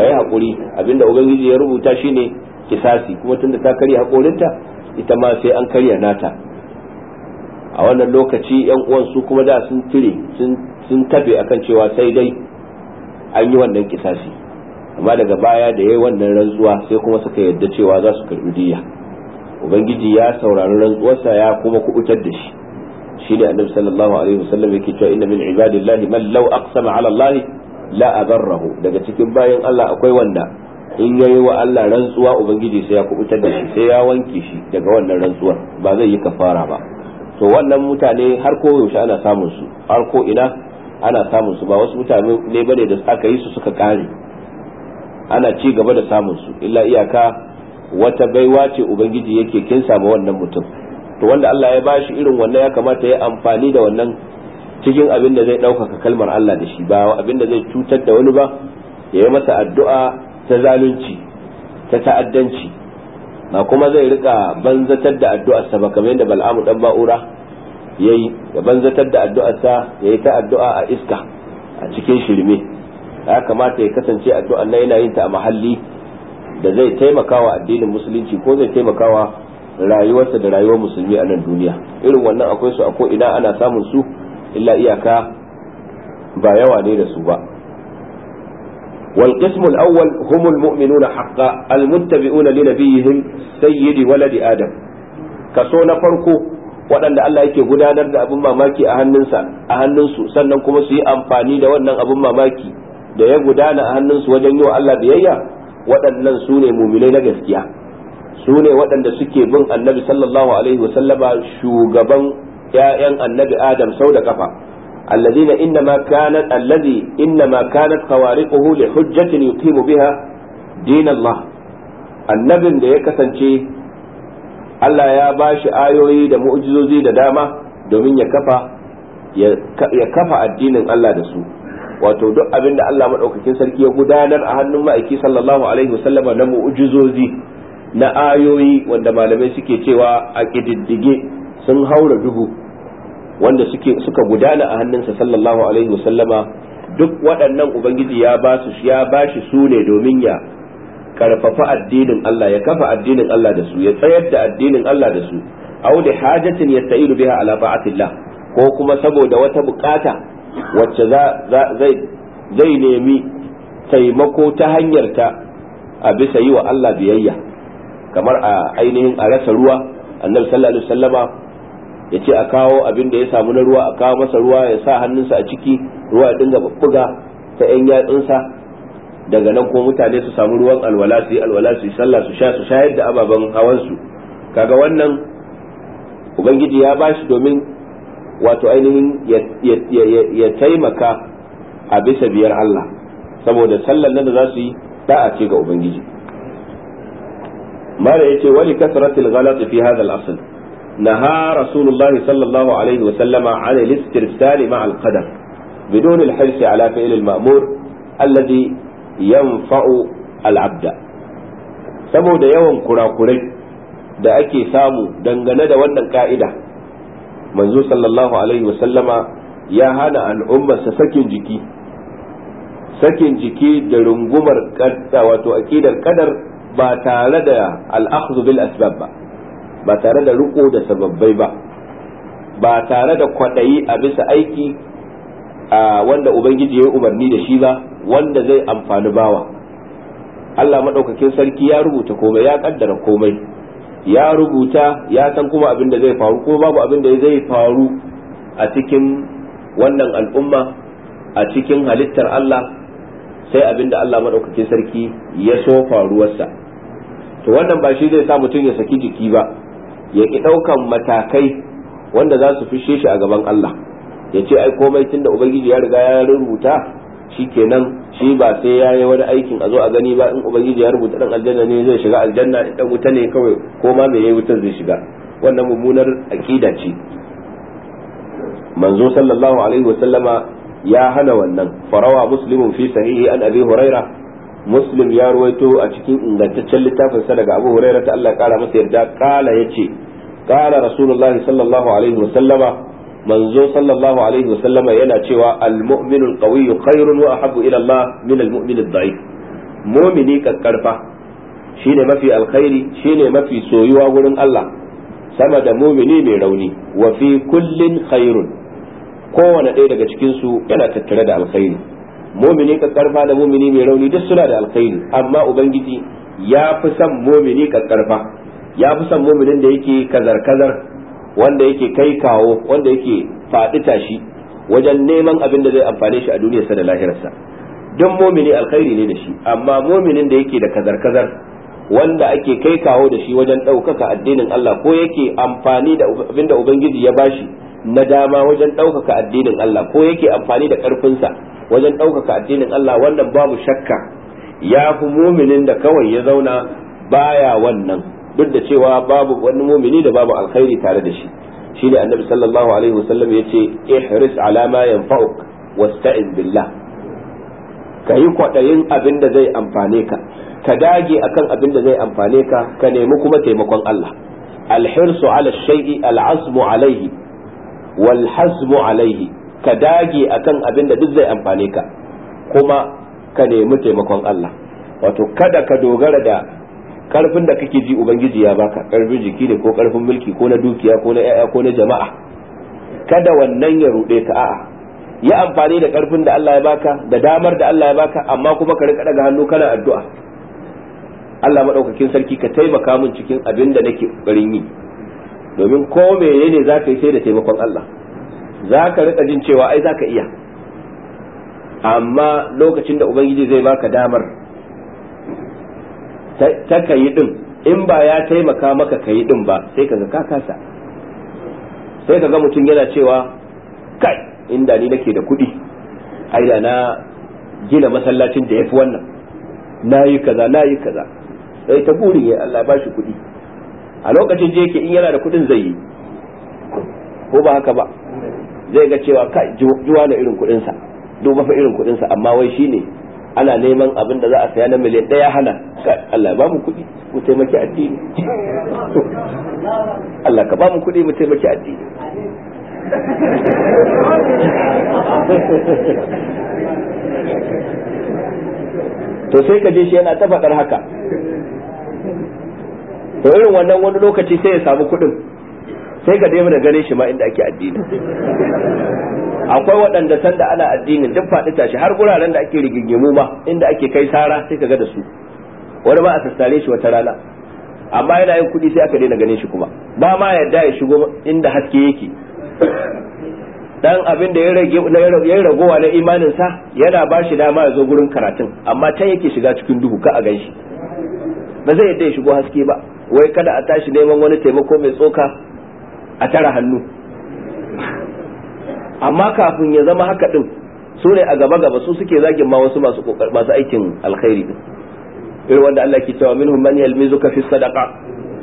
[SPEAKER 2] kai haƙuri, abinda ubangiji ya rubuta shine kisasi kuma tunda ta karya haƙorinta ita ma sai an karya nata a wannan lokaci yan uwan su kuma da sun tire sun tafe akan cewa sai dai an yi wannan kisasi amma daga baya da yayi wannan rantsuwa sai kuma suka yarda cewa za su karbi diya ubangiji ya saurari rantsuwarsa ya kuma kubutar da shi shine annabi sallallahu alaihi wasallam yake cewa inna min ibadillahi man law aqsama ala allahi la adarrahu daga cikin bayan Allah akwai wanda in yayi wa Allah rantsuwa ubangiji sai ya kubutar da shi sai ya wanke shi daga wannan rantsuwar ba zai yi kafara ba to wannan mutane har ko yaushe ana samun su har ko ina ana samun su ba wasu mutane ne bane da aka yi su suka kare ana ci gaba da samun su illa iyaka wata baiwa ce ubangiji yake kin samu wannan mutum to wanda Allah ya ba shi irin wannan ya kamata ya amfani da wannan cikin abin da zai ɗaukaka kalmar Allah da shi ba abin da zai cutar da wani ba ya yi masa addu'a ta zalunci ta ta'addanci ba kuma zai rika banzatar da addu'arsa ba kamar yadda bal'amu dan ba'ura yayi ya banzatar da addu'arsa yayi ta addu'a a iska a cikin shirme ya kamata ya kasance addu'ar nan yana yin ta a mahalli da zai taimaka wa addinin musulunci ko zai taimaka wa rayuwarsa da rayuwar musulmi a nan duniya irin wannan akwai su a ko ina ana samun su illa iyaka ba yawa ne da su ba والقسم الأول هم المؤمنون حقا المتبعون لنبيهم سيد ولد آدم كسونا فرقو waɗanda Allah yake gudanar da abin mamaki a hannunsa a hannunsu sannan kuma su yi amfani da wannan abin mamaki da ya gudana a hannunsu wajen yi wa Allah biyayya waɗannan su ne muminai na gaskiya su ne waɗanda suke bin annabi sallallahu alaihi wasallama shugaban 'ya'yan annabi adam sau da kafa الذين إنما كانت الذي إنما كانت خوارقه لحجة يقيم بها دين الله annabin da ya kasance Allah ya bashi ayoyi da mu'jizozi da dama domin ya kafa addinin Allah da su wato duk abin da Allah maɗaukakin sarki ya gudanar a hannun ma'aiki sallallahu alaihi wasallama na mu'ujizozi na ayoyi wanda malamai suke cewa a ƙididdige sun haura dubu wanda suka gudana a hannunsa sallallahu alaihi wasallama duk waɗannan ubangiji ya ba su ya ba shi su ne domin ya karfafa addinin Allah ya kafa addinin Allah da su ya tsayar da addinin Allah da su aw ya hajatin yasta'ilu biha ala ba'atillah ko kuma saboda wata bukata wacce zai zai nemi taimako ta hanyar ta a bisa yi wa Allah biyayya kamar a ainihin a rasa ruwa annabi sallallahu alaihi wasallama ya ce a kawo abin da ya samu na ruwa a kawo masa ruwa ya sa hannunsa a ciki ruwa ya dinga buga ta yan yatsunsa daga nan ko mutane su samu ruwan alwala su yi alwala su yi sallah su sha su shayar da ababen hawansu kaga wannan ubangiji ya bashi domin wato ainihin ya taimaka a bisa biyar Allah saboda sallan nan da za su yi da'a ce ga ubangiji mara ya ce wali kasratil ghalat fi hadha al نهى رسول الله صلى الله عليه وسلم عن الاسترسال مع القدم بدون الحرص على فعل المأمور الذي ينفع العبد saboda yawan kurakurai da ake samu dangane da wannan ka'ida manzo sallallahu alaihi wasallama ya hana al'ummarsa sakin jiki sakin jiki da rungumar wato aƙidar kadar ba tare da al'akhdhu bil asbab ba ba tare da riko da sababbai ba ba tare da kwaɗayi a bisa aiki a wanda ubangiji ya yi umarni da shi ba wanda zai amfani bawa Allah maɗaukakin sarki ya rubuta komai ya kaddara komai ya rubuta ya san kuma abin da zai faru ko babu abin da zai faru a cikin wannan al'umma a cikin halittar Allah sai abin da Allah maɗaukakin sarki ya so faruwarsa to wannan ba shi zai sa mutum ya saki jiki ba ya ki ɗaukan matakai wanda za su fishe shi a gaban Allah ya ce ai komai tunda ubangiji ya riga ya rubuta shi kenan shi ba sai ya yi wani aikin a zo a gani ba in ubangiji ya rubuta dan aljanna ne zai shiga aljanna in dan wuta ne kawai ko ma me yayi wutar zai shiga wannan mummunar aqida ce manzo sallallahu alaihi wa ya hana wannan farawa muslimun fi sahihi an abi huraira muslim ya ruwaito a cikin ingantaccen littafin sa daga abu huraira ta Allah kara masa yarda kala ce kala rasulullahi sallallahu alaihi wa sallama manzo sallallahu alaihi wa sallama yana cewa al-mu'minu al-qawiyyu khairun wa ahabbu ila Allah min al-mu'min ad-da'if mu'mini kakkarfa shine mafi alkhairi shine mafi soyuwa wurin Allah sama da mu'mini mai rauni wa fi kullin khairun kowane ɗaya daga cikin su yana tattare da alkhairi mumini ka da mumini mai rauni duk suna da alkhairi amma ubangiji ya fi son mumini ka karfa ya fi son muminin da yake kazar kazar wanda yake kai kawo wanda yake faɗi tashi wajen neman abin da zai amfane shi a duniyarsa da lahirarsa don mumini alkhairi ne da shi amma muminin da yake da kazar kazar wanda ake kai kawo da shi wajen ɗaukaka addinin Allah ko yake amfani da abin da ubangiji ya bashi na dama wajen ɗaukaka addinin Allah ko yake amfani da ƙarfinsa wajen ɗaukaka addinin Allah wannan babu shakka ya fi muminin da kawai ya zauna baya wannan duk da cewa babu wani mumini da babu alkhairi tare da shi shi ne annabi sallallahu alaihi wasallam ya ce ihris ala ma yanfa'uk wasta'in billah ka yi kwaɗayin abin da zai amfane ka ka dage akan abin da zai amfane ka ka nemi kuma taimakon Allah alhirsu ala shay'i al'azmu alaihi wal hazmu alaihi ka dage a kan abin da duk zai amfane ka kuma ka nemi taimakon Allah wato kada ka dogara da karfin da kake ji ubangiji ya baka karfin jiki ne ko karfin mulki ko na dukiya ko na yaya ko na jama'a kada wannan ya ruɗe ka a'a yi amfani da karfin da Allah ya baka da damar da Allah ya baka amma kuma ka rika daga hannu kana addu'a Allah madaukakin sarki ka taimaka min cikin abin da nake kokarin yi domin ko ne za ka yi sai da taimakon Allah za ka rika jin cewa ai za ka iya amma lokacin da ubangiji zai baka damar ta ka yi din in ba ya taimaka maka ka yi din ba sai ka ga ka kasa sai ka ga mutum yana cewa kai inda ni nake da kuɗi ai da na gina masallacin da ya fi wannan na yi kaza na yi kaza sai ta buri ya Allah ba shi kuɗi a lokacin je yake in yana da kuɗin zai yi ko ba haka ba zai ga cewa kai juwa na irin kudin sa duba fa irin kudin sa amma wai shine ana neman abin da za a saya na miliyan ɗaya hana Allah ba mu kuɗi mu taimaki addini
[SPEAKER 3] Allah
[SPEAKER 2] ka ba mu kuɗi mu taimaki addini to sai ka je shi yana ta faɗar haka to irin wannan wani lokaci sai ya samu kuɗin sai ga mu da gane shi ma inda ake addini akwai waɗanda san da ana addinin duk faɗi tashi har guraren da ake rigingimu ma inda ake kai sara sai ka ga da su wani ba a sassare shi wata rana amma yana yin kuɗi sai aka daina ganin shi kuma ba ma yadda ya shigo inda haske yake dan abin da ya ragowa na imaninsa yana ba shi dama ya zo gurin karatun amma can yake shiga cikin duhu ka a gan shi ba zai yadda ya shigo haske ba wai kada a tashi neman wani taimako mai tsoka a tara hannu amma kafin ya zama haka din su ne a gaba gaba su suke zagin ma wasu masu masu aikin alkhairi din irin wanda Allah ke cewa minhum man yalmizuka fi sadaqa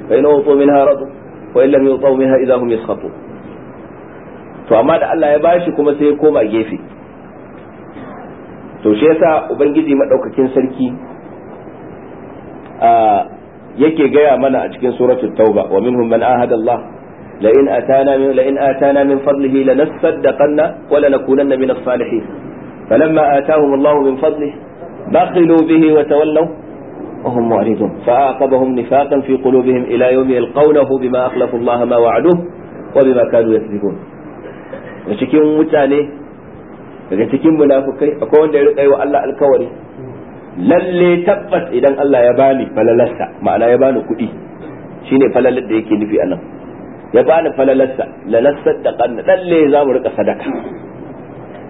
[SPEAKER 2] fa in utu minha radu wa illam yutu minha idha hum yaskhatu to amma da Allah ya bashi kuma sai ya koma gefe to shi yasa ubangiji madaukakin sarki a yake gaya mana a cikin suratul tauba wa minhum man ahada Allah لئن أتانا من لئن آتانا من فضله لنصدقن ولنكونن من الصالحين فلما آتاهم الله من فضله بخلوا به وتولوا وهم معرضون فأعقبهم نفاقا في قلوبهم إلى يوم يلقونه بما أخلفوا الله ما وعدوه وبما كانوا يكذبون cikin mutane daga cikin munafukai akwai wanda ya rika yi wa Allah alkawari lalle tabbas idan Allah ya bani falalarsa ma'ana ya bani kuɗi shine falalar da yake nufi a nan ya bani falalarsa lalassar da kanna lalle za mu rika sadaka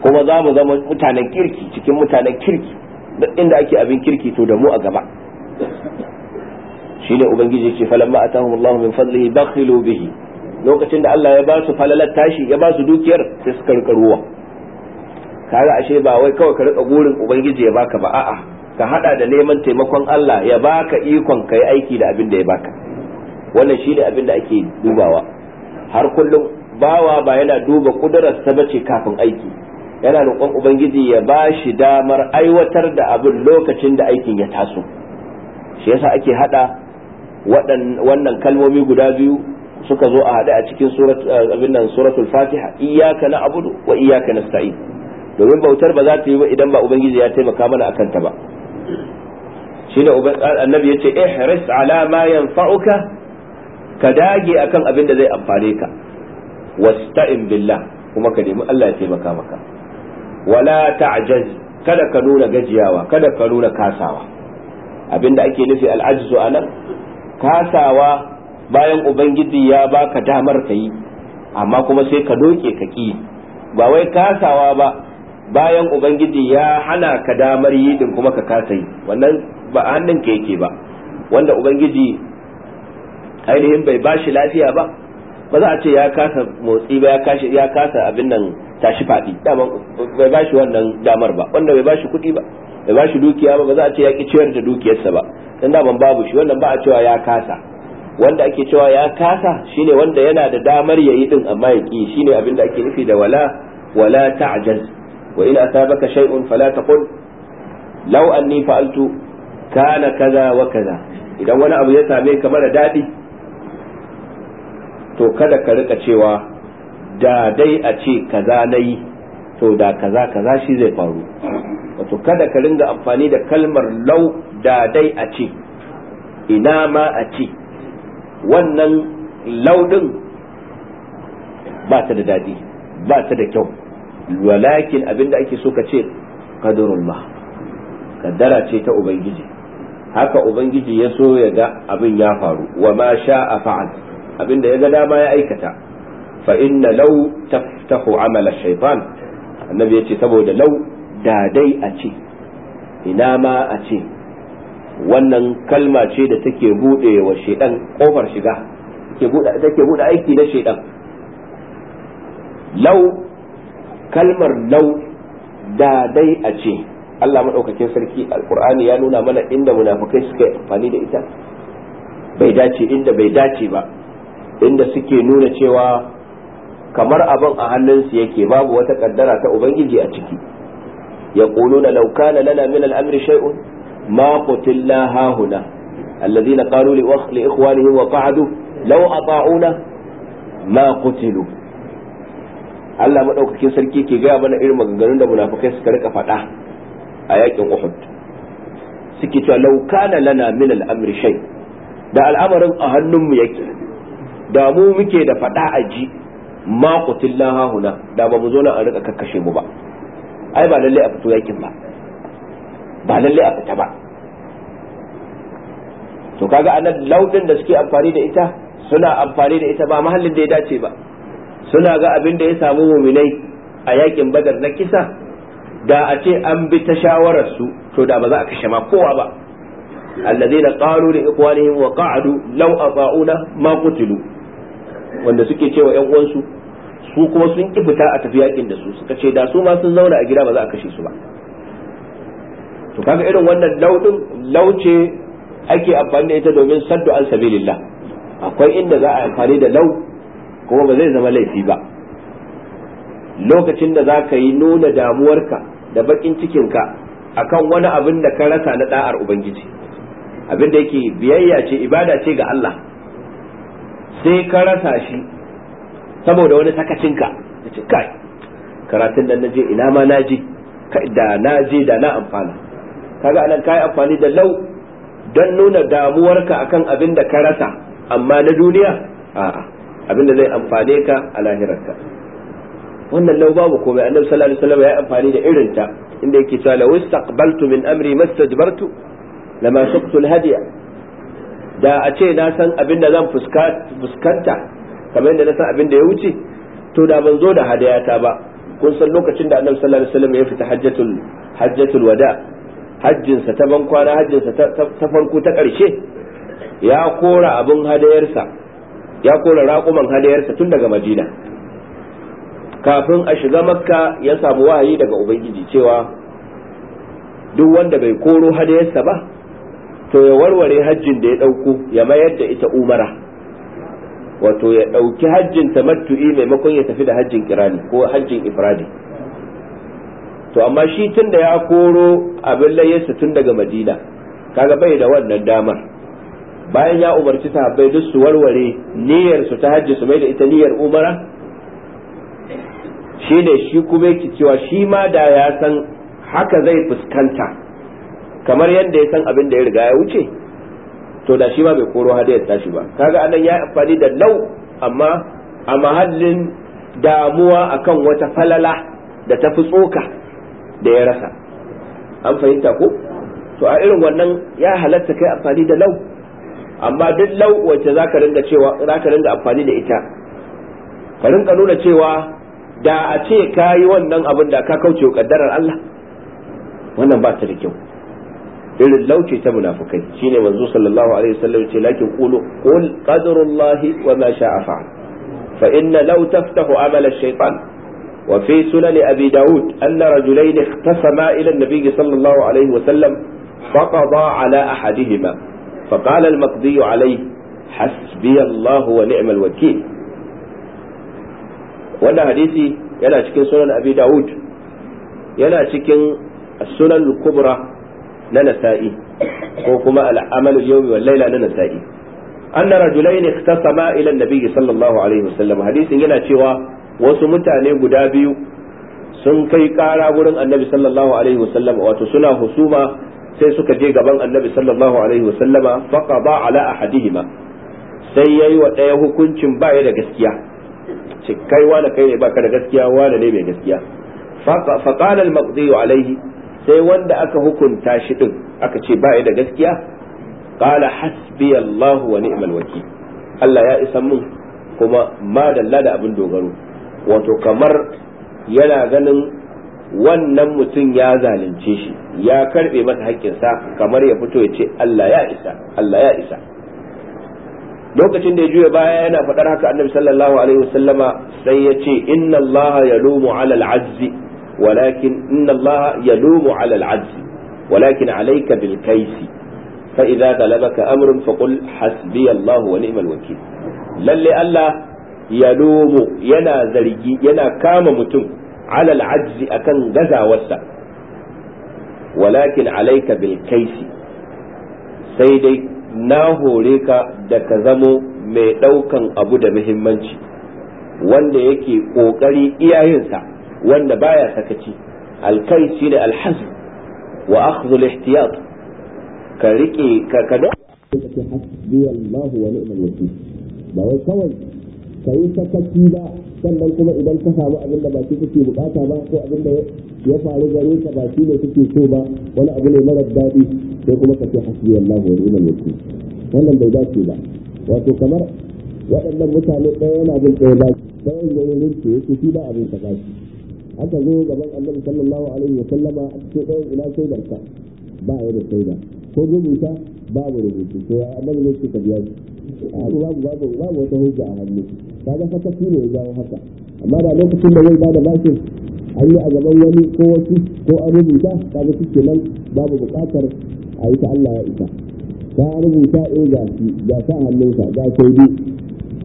[SPEAKER 2] kuma za mu zama mutanen kirki cikin mutanen kirki duk inda ake abin kirki to da mu a gaba shine ubangiji ce falamma atahum Allah min fadlihi bakhilu bihi lokacin da Allah ya ba su falalar tashi ya ba su dukiyar sai su rika ruwa kaga ashe ba wai kawai ka rika gurin ubangiji ya baka ba a'a ka hada da neman taimakon Allah ya baka ikon kai aiki da abin da ya baka wannan shi ne abin da ake dubawa har kullum bawa ba yana duba kudurarsa ce kafin aiki yana roƙon ubangiji ya ba shi damar aiwatar da abin lokacin da aikin ya taso shi yasa ake hada wannan kalmomi guda biyu suka zo a hada a cikin abin nan suratul fatiha iyyaka na'budu wa iyyaka nasta'in domin bautar ba za ta yi ba idan ba ubangiji ya taimaka mana akan ta ba shine annabi yace ihris ala ma yanfa'uka ka dage akan abin da zai amfane ka wasta'in billah kuma ka nemi Allah ya taimaka maka wala ta'jaz kada ka nuna gajiyawa kada ka nuna kasawa abinda ake nufi al'ajzu anan kasawa bayan ubangiji ya baka damar ka yi amma kuma sai ka doke ka ki ba wai kasawa ba bayan ubangiji ya hana ka damar yi din kuma ka kasa yi wannan ba hannun ka yake ba wanda ubangiji ainihin bai ba shi lafiya ba ba za a ce ya kasa motsi ba ya kasa abin nan tashi faɗi bai ba shi wannan damar ba wanda bai ba shi kuɗi ba bai ba shi dukiya ba ba za a ce ya ki ciyar da dukiyarsa ba dan da ban babu shi wannan ba a cewa ya kasa wanda ake cewa ya kasa shine wanda yana da damar yayi din amma ya ki shine abin da ake nufi da wala wala ta'jaz wa in asabaka shay'un fala taqul law anni fa'altu kana kaza wa kaza idan wani abu ya same ka mara dadi. to kada ka rika cewa da dai a ce kaza nayi to da kaza kaza shi zai faru wato kada ka ringa amfani da kalmar lau da dai a ce ina ma a ce wannan laudin ba ta da dadi ba ta da kyau walakin abinda ake so ka ce qadarullah kaddara ce ta ubangiji haka ubangiji ya so ya ga abin ya faru wa ma sha'a fa'al Abin da ya ga dama ya aikata fa inna law taftahu amala shaytan annabi yace saboda law da dai a ce ina ma a ce wannan kalma ce da take bude wa shaytan kofar shiga take bude aiki na shaytan law kalmar law da dai a ce Allah madaukakin sarki alkur'ani ya nuna mana inda munafukai suka yi amfani da ita bai dace inda bai dace ba inda suke nuna cewa kamar abin a hannunsu yake babu wata kaddara ta ubangiji a ciki ya na laukana lana min al'amri shay'un ma qutilla huna, alladhina qalu li ikhwanihim wa qa'adu law ata'una ma qutilu Allah madaukakin sarki ke gaya mana irin maganganun da munafikai suka rika faɗa a yakin Uhud suke cewa laukana lana min al'amri shay da al'amarin a hannunmu yake da mu muke da faɗa a ji ma qutilla da ba mu zo nan a rika kakkashe mu ba ai ba lalle a fito yakin ba ba lalle a fita ba to kaga anan laudin da suke amfani da ita suna amfani da ita ba mahallin da ya dace ba suna ga abin da ya samu muminai a yakin badar na kisa da a ce an bi ta shawararsu to da ba za a kashe ma kowa ba allazina qalu li ikhwanihim wa qa'adu law ata'una ma qutilu wanda suke cewa yan uwansu su kuma sun ki fita a tafi yakin da su suka ce da su ma sun zauna a gida ba za a kashe su ba to kaga irin wannan laudin lauce ake amfani da ita domin saddu an sabilillah akwai inda za a amfani da lau kuma ba zai zama laifi ba lokacin da za ka yi nuna damuwar ka da bakin ka akan wani abin da ka rasa na da'ar ubangiji abin da yake biyayya ce ibada ce ga Allah sai ka rasa shi saboda wani sakacinka ya ce kai karatun nan naje ina ma naje da naje da na amfana kaga anan kai amfani da lau don nuna damuwarka akan abin da ka rasa amma na duniya a'a abin da zai amfane ka a lahirarka wannan lau babu komai annabi sallallahu alaihi wasallam ya amfani da irin ta inda yake cewa la wastaqbaltu min amri mastajbartu lama shaqtu alhadiya da a ce na san abin da zan fuskanta kamar yadda na san abin da ya wuce to da ban zo da hadayata ba kun san lokacin da annabi sallallahu alaihi wasallam ya fita hajjatul hajjatul wada hajjinsa ta ban kwana hajjinsa ta farko ta ƙarshe ya kora abin hadayarsa ya kora raƙuman hadayarsa tun daga madina kafin a shiga makka ya samu wahayi daga ubangiji cewa duk wanda bai koro hadayarsa ba to ya warware hajjin da ya ɗauko ya mayar da ita umara wato ya ɗauki hajjin tamattu'i maimakon ya tafi da hajjin kirani ko hajjin ifradi to amma shi tun da ya koro abin layyarsa tun daga madina kaga bai da wannan damar bayan ya umarci ta sahabbai duk su warware niyyar ta hajji su mai da ita niyyar umara shi ne shi kuma yake cewa shi ma da ya san haka zai fuskanta kamar yadda ya san abin da ya riga ya wuce to da shi ba bai koro ya tashi ba kaga anan ya amfani da lau amma a mahallin damuwa akan wata falala da ta fi tsoka da ya rasa an fahimta ko to a irin wannan ya halatta kai amfani da lau amma duk lau wacce zaka ringa cewa zaka ringa amfani da ita ka rinka nuna cewa da a ce ka yi wannan abin da ka kauce wa kaddarar Allah wannan ba ta da kyau irin lauce ta munafukai shine manzo sallallahu alaihi wasallam yace lakin qulu qul qadrullahi wa ma sha'a fa'al fa inna law taftahu amal ash-shaytan wa fi sunan abi daud anna rajulayn ikhtasama ila an nabi sallallahu alaihi wasallam faqada ala ahadihima فقال المقضي عليه حسبي الله ونعم الوكيل wannan hadisi yana cikin sunan abi daud yana cikin sunan kubra na nasa'i ko kuma al'amalul yawmi wal laila na nasa'i anna rajulain ikhtasama ila an-nabi sallallahu alaihi wasallam hadisin yana cewa wasu mutane guda biyu sun kai kara gurin annabi sallallahu alaihi wasallam wato suna husuma sai suka je gaban annabi sallallahu alaihi wasallama faqada ala ahadihima sai yayi wa daya hukuncin ba da gaskiya ce kai wani kai ne baka da gaskiya wala ne mai gaskiya faqala al-maqdi alaihi sai wanda aka hukunta shi din aka ce ba da gaskiya qala hasbi Allah wa ni'mal wakil Allah ya isa mun kuma ma da abin dogaro wato kamar yana ganin wannan mutum ya zalunce shi ya karbe masa haƙƙinsa kamar ya fito ya ce Allah ya isa Allah ya isa lokacin da ya juya baya yana faɗar haka annabi sallallahu alaihi wasallama sai ya ce inna Allah ya ala alal azzi walakin inna Allah yalumu ala al-ajz walakin alayka bil kaysi fa idza galabaka amrun fa qul hasbi wa ni'mal wakil lalle Allah yalumu yana zargi yana kama mutum ala al-ajz akan gazawarsa walakin alayka bil kaysi sai dai na hore ka da ka zamo mai ɗaukan abu da muhimmanci wanda yake ƙoƙari iyayensa wanda baya sakaci alkai shi da alhazm wa akhdhu al-ihtiyat ka rike ka kada da
[SPEAKER 4] Allah wa ni'mal ba wai kawai kai sakaci ba sannan kuma idan ka samu abin da ba shi kake bukata ba ko abin da ya faru gare ka ba shi ne kake so ba wani abu ne mara dadi sai kuma ka ce hasbi Allah wa ni'mal wakeel wannan bai dace ba wato kamar waɗannan mutane ɗaya yana jin ɗaya ba ɗayan yayin rinke yake shi ba abin ta ba aka zo gaban annabi sallallahu alaihi wa sallama a cikin ɗayan ina shaidar ka ba ya da shaida ko rubuta babu rubutu to annabi ne suka biya shi babu babu babu wata hujja a hannu kaga haka shi ne ya jawo haka amma da lokacin da zai ba da bashin an yi a gaban wani ko wasu ko an rubuta kaga shi kenan babu buƙatar a yi ta Allah ya isa ka rubuta eh ga shi ga sa hannunsa ga sai dai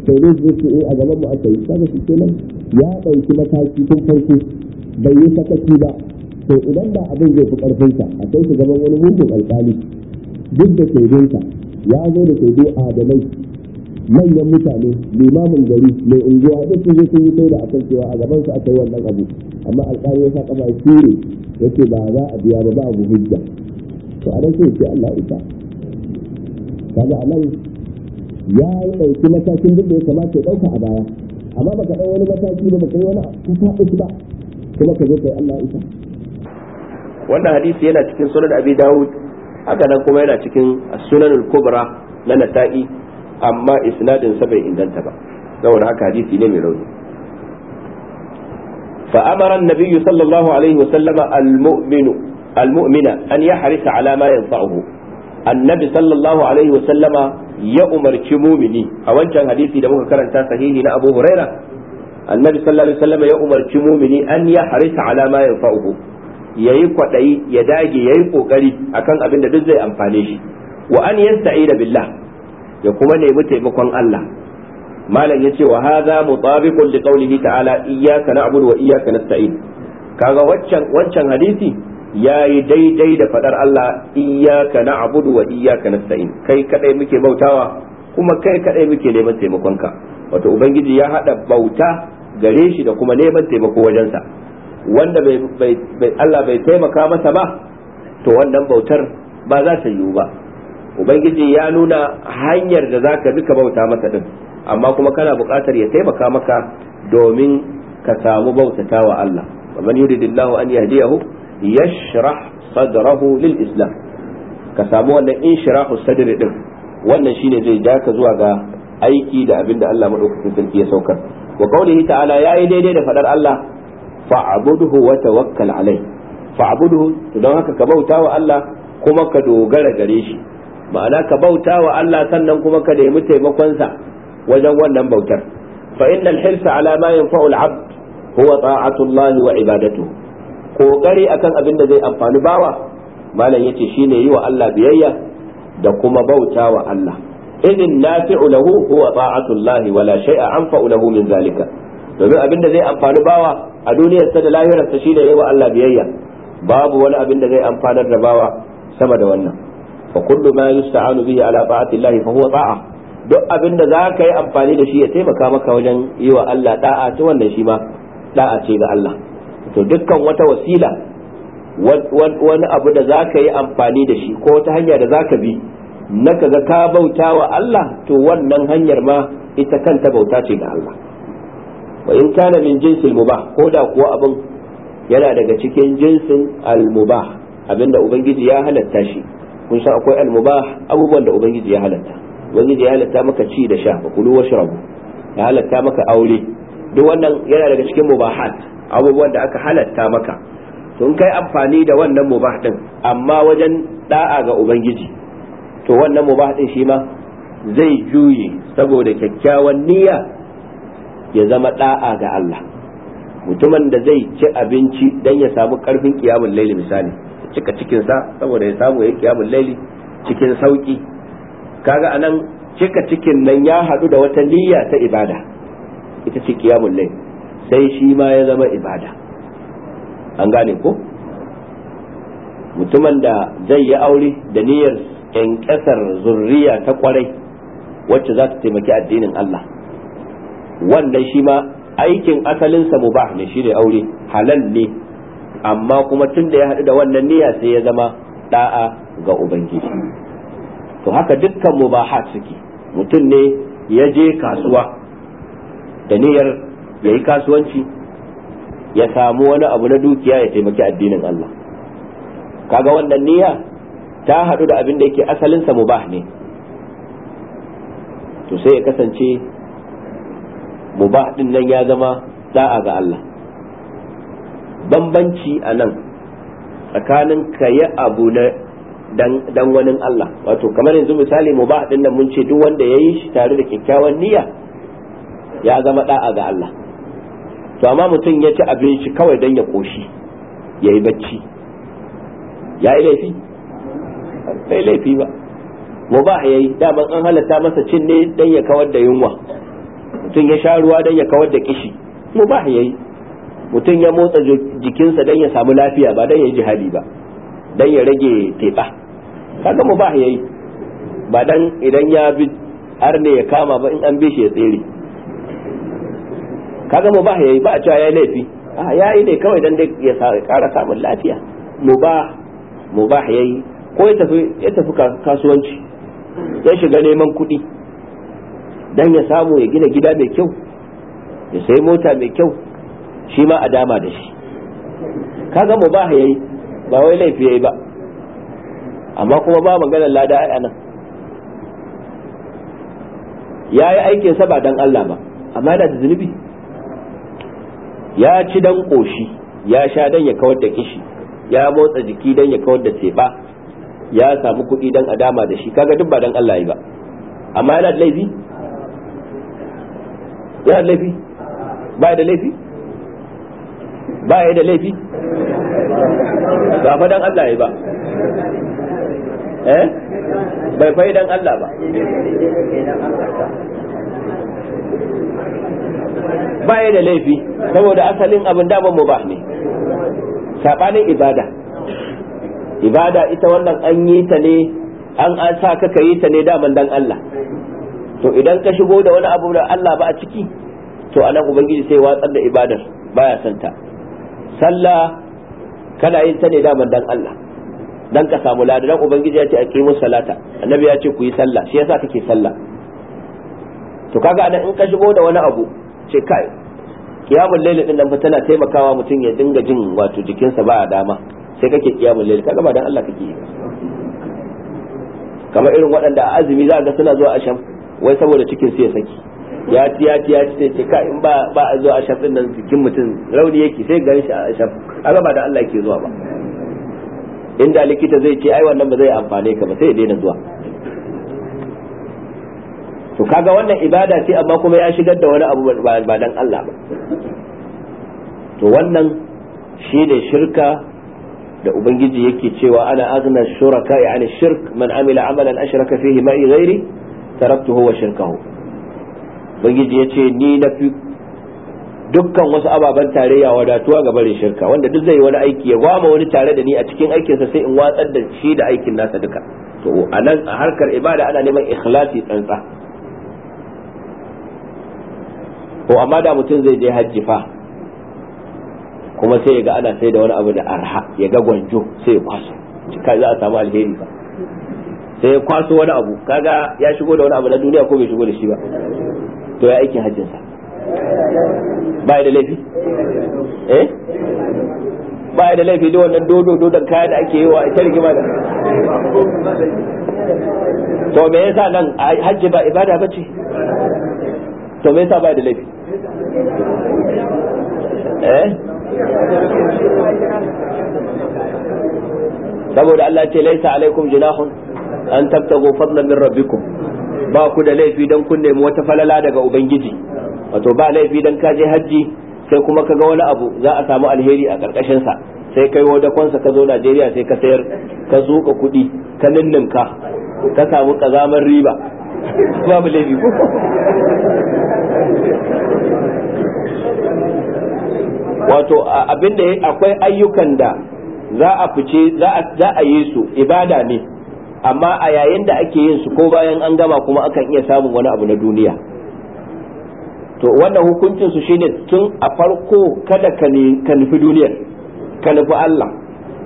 [SPEAKER 4] su ce eh, a gaban mu aka yi kaga shi kenan ya ɗauki mataki tun farko bai yi sakaci ba to idan ba abin zai fi sa a kai shi gaban wani mutum alƙali duk da sa ya zo da shaidu adalai manyan mutane limamin gari mai unguwa duk sun je sun yi sai da akan cewa a gaban su a kai wannan abu amma alƙali ya sa kama shiri yace ba za a biya ba ba abu hujja to a rashin sai Allah isa kaga anan ya ɗauki matakin duk da ya kamata ya ɗauka a baya amma baka ɗau wani mataki ba baka yi wani kusa ba kuma ka je kai Allah ita
[SPEAKER 2] wannan hadisi yana cikin sunan abi dawud haka nan kuma yana cikin sunanul kubra na nata'i amma isnadin sa bai inganta ba saboda haka hadisi ne mai rauni فأمر النبي صلى الله عليه وسلم المؤمن المؤمن أن يحرص على ما ينفعه النبي sallallahu alaihi عليه وسلم ya umarci mumini a wancan hadisi da muka karanta sahihi na Abu Huraira annabi sallallahu alaihi wasallam ya umarci mumini an ya harisa ala ma yanfa'uhu yayi kwaɗayi, ya dage yayi kokari akan abin da duk zai amfane shi wa an yasta'ida billah ya kuma nemi taimakon Allah malam yace wa hadha mutabiqun li qawlihi ta'ala iyyaka na'budu wa iyyaka nasta'in kaga waccan waccan hadisi yayi daidai da fadar Allah iyyaka na'budu wa iyyaka nasta'in kai kadai muke bautawa kuma kai kadai muke neman taimakonka wato ubangiji ya haɗa bauta gare shi da kuma neman taimako wajensa wanda bai Allah bai taimaka masa ba to wannan bautar ba za ta yiwu ba ubangiji ya nuna hanyar da zaka bi ka bauta masa din amma kuma kana buƙatar ya taimaka maka domin ka samu bautata wa Allah man yuridillahu an yahdiyahu yashrah sadrahu lil islam ka samu wannan inshirahu sadri din wannan shine zai ja ka zuwa ga aiki da abin da Allah madaukakin sarki ya saukar wa qaulihi ta'ala yayi daidai da fadar Allah fa'budhu wa tawakkal alai fa'budhu to don haka ka bauta wa Allah kuma ka dogara gare shi ma'ana ka bauta wa Allah sannan kuma ka nemi taimakon sa wajen wannan bautar fa innal hirsa ala ma yanfa'u al-'abd huwa ta'atu Allah wa ibadatuhu kokari akan abin da zai amfani bawa malam yace shine yi wa Allah biyayya da kuma bauta wa Allah idin nafi'u lahu huwa ta'atullahi wala shay'a anfa'u lahu min zalika domin abin da zai amfani bawa a duniyar sa da lahirar sa shine yayi wa Allah biyayya babu wani abin da zai amfanar da bawa sama da wannan fa kullu ma yusta'anu bihi ala ta'atillahi fa huwa ta'a duk abin da zaka yi amfani da shi ya taimaka maka wajen yi wa Allah da'a ta wannan shi ma da'a ce ga Allah to dukkan wata wasila wani abu da zaka yi amfani da shi ko wata hanya da zaka bi na kaga ka bauta wa Allah to wannan hanyar ma ita kanta bauta ce ga Allah wa in kana min jinsil mubah ko da kuwa abin yana daga cikin jinsin al-mubah abinda ubangiji ya halatta shi kun san akwai al-mubah abubuwan da ubangiji ya halatta ubangiji ya halatta maka ci da sha fa kulu shrabu ya halatta maka aure duk wannan yana daga cikin mubahat abubuwan da aka halatta maka sun kai amfani da wannan mubah din amma wajen da'a ga ubangiji to wannan mubah din shi ma zai juye saboda kyakkyawan niyya ya zama da'a ga Allah mutumin da zai ci abinci dan ya samu karfin kiyamun laili misali cika cikinsa saboda ya samu ya kiyamun laili cikin sauki kaga anan cika cikin nan ya haɗu da wata niyya ta ibada ita ce kiyamun laili sai shi ma ya zama ibada an gane ko mutumin da zai yi aure da niyyar kyankyasar zurriya ta kwarai wacce za ta taimaki addinin Allah wannan shi ma aikin asalinsa mu ba ne shi ne aure halal ne amma kuma tun da ya haɗu da wannan niyya sai ya zama ɗa'a ga ubangiji to haka dukkan mubahat suke mutum ne ya je kasuwa da niyyar ya yi kasuwanci ya samu wani abu na dukiya ya taimaki addinin Allah kaga wannan niyya ta haɗu da abin da yake asalinsa mubah ne to sai ya kasance mubah din nan ya zama da'a ga Allah bambanci a nan tsakanin ka yi abu na dan wani Allah wato kamar yanzu misali mubah din nan mun ce duk wanda ya yi shi tare da kyakkyawan niyya ya zama da'a ga Allah to amma mutum ya ci abin shi kawai don ya koshi ya yi bacci ya yi laifi bai laifi ba mu ba yayi daman an halatta masa cin ne dan ya kawar da yunwa mutum ya sha ruwa dan ya kawar da kishi mu ba yayi mutum ya motsa jikinsa dan ya samu lafiya ba dan ya jihadi ba dan ya rage teba kaga mu ba yayi ba dan idan ya bi har ne ya kama ba in an bi shi ya tsere kaga mu ba yayi ba a cewa ya laifi a yayi ne kawai dan dai ya kara samun lafiya mu ba mubah ya yayi ko ya tafi kasuwanci ya shiga neman kuɗi don ya samu ya gina gida mai kyau ya sai mota mai kyau shi ma a dama da shi kaga mu ba yayi ba wai laifi yayi ba amma kuma ba maganar lada a nan ya yi aikin sa ba dan Allah ba amma yana da zunubi ya ci dan ƙoshi ya sha dan ya kawar da kishi ya motsa jiki dan ya kawar da teɓa ya samu kuɗi dan a dama da shi kaga duk ba dan Allah yi ba amma yana da laifi yana da laifi ba da laifi ba ya da laifi ba fa dan Allah yi ba eh bai fa dan Allah ba ba ya da laifi saboda asalin abin da ban ba ne sabanin ibada ibada ita wannan an yi ta ne an asa sa ka yi ta ne daman dan Allah to idan ka shigo da wani abu da Allah ba a ciki to anan ubangiji sai watsar da ibadar baya santa sallah kana yin ta ne daman dan Allah dan ka samu ladan dan ubangiji ya ce aqimu salata annabi ya ce ku yi sallah shi yasa kake sallah to kaga anan in ka shigo da wani abu ce kai kiyamul lailin din nan tana taimakawa mutum ya dinga jin wato jikinsa ba a dama sai kake kiyamul layl kaga ba dan Allah kake yi kamar irin waɗanda a azumi za ga suna zuwa asham wai saboda cikin su ya saki ya ci ya ci ya ci sai ka in ba ba a zuwa asham din nan jikin mutum rauni yake sai gan shi a asham kaga ba dan Allah yake zuwa ba inda likita zai ce ai wannan ba zai amfane ka ba sai ya daina zuwa to kaga wannan ibada ce amma kuma ya shigar da wani abu ba dan Allah ba to wannan shi ne shirka da ubangiji yake cewa ana azna shuraka yani shirk man amila amalan ashraka fihi ma'i ghairi taraktuhu wa shirkahu ubangiji yace ni na fi dukkan wasu ababen tarayya wadatuwa ga barin shirka wanda duk zai wani aiki ya gwama wani tare da ni a cikin aikin sa sai in watsar da shi da aikin nasa duka to a a harkar ibada ana neman ikhlasi tsantsa ko amma da mutum zai je hajji fa kuma sai ya ga ana sai da wani abu da arha ya ga gwanjo sai ya kwaso ka za a samu alheri ba sai ya kwaso wani abu kaga ya shigo da wani abu na duniya ko bai shigo da shi ba to ya aikin hajjin sa ba da laifi eh ba da laifi da wannan dodo dodon kaya da ake yi wa ita rigima da to me yasa nan hajji ba ibada bace to me yasa ba da laifi eh saboda Allah ce laisa alaikum jinahun an tabtago fadlan min rabbikum ba ku da laifi dan kun nemi wata falala daga ubangiji wato ba laifi dan ka je haji sai kuma ka ga wani abu za a samu alheri a karkashin sa sai kai wada kwansa ka zo Najeriya sai ka sayar ka zuka kuɗi ka ninninka ka samu kazamar riba babu laifi wato abinda akwai ayyukan da za a fice za a yi su ibada ne amma a yayin da ake yin su ko bayan an gama kuma akan iya samun wani abu na duniya to wannan hukuncin su shine tun a farko kada ka nufi duniyar ka nufi Allah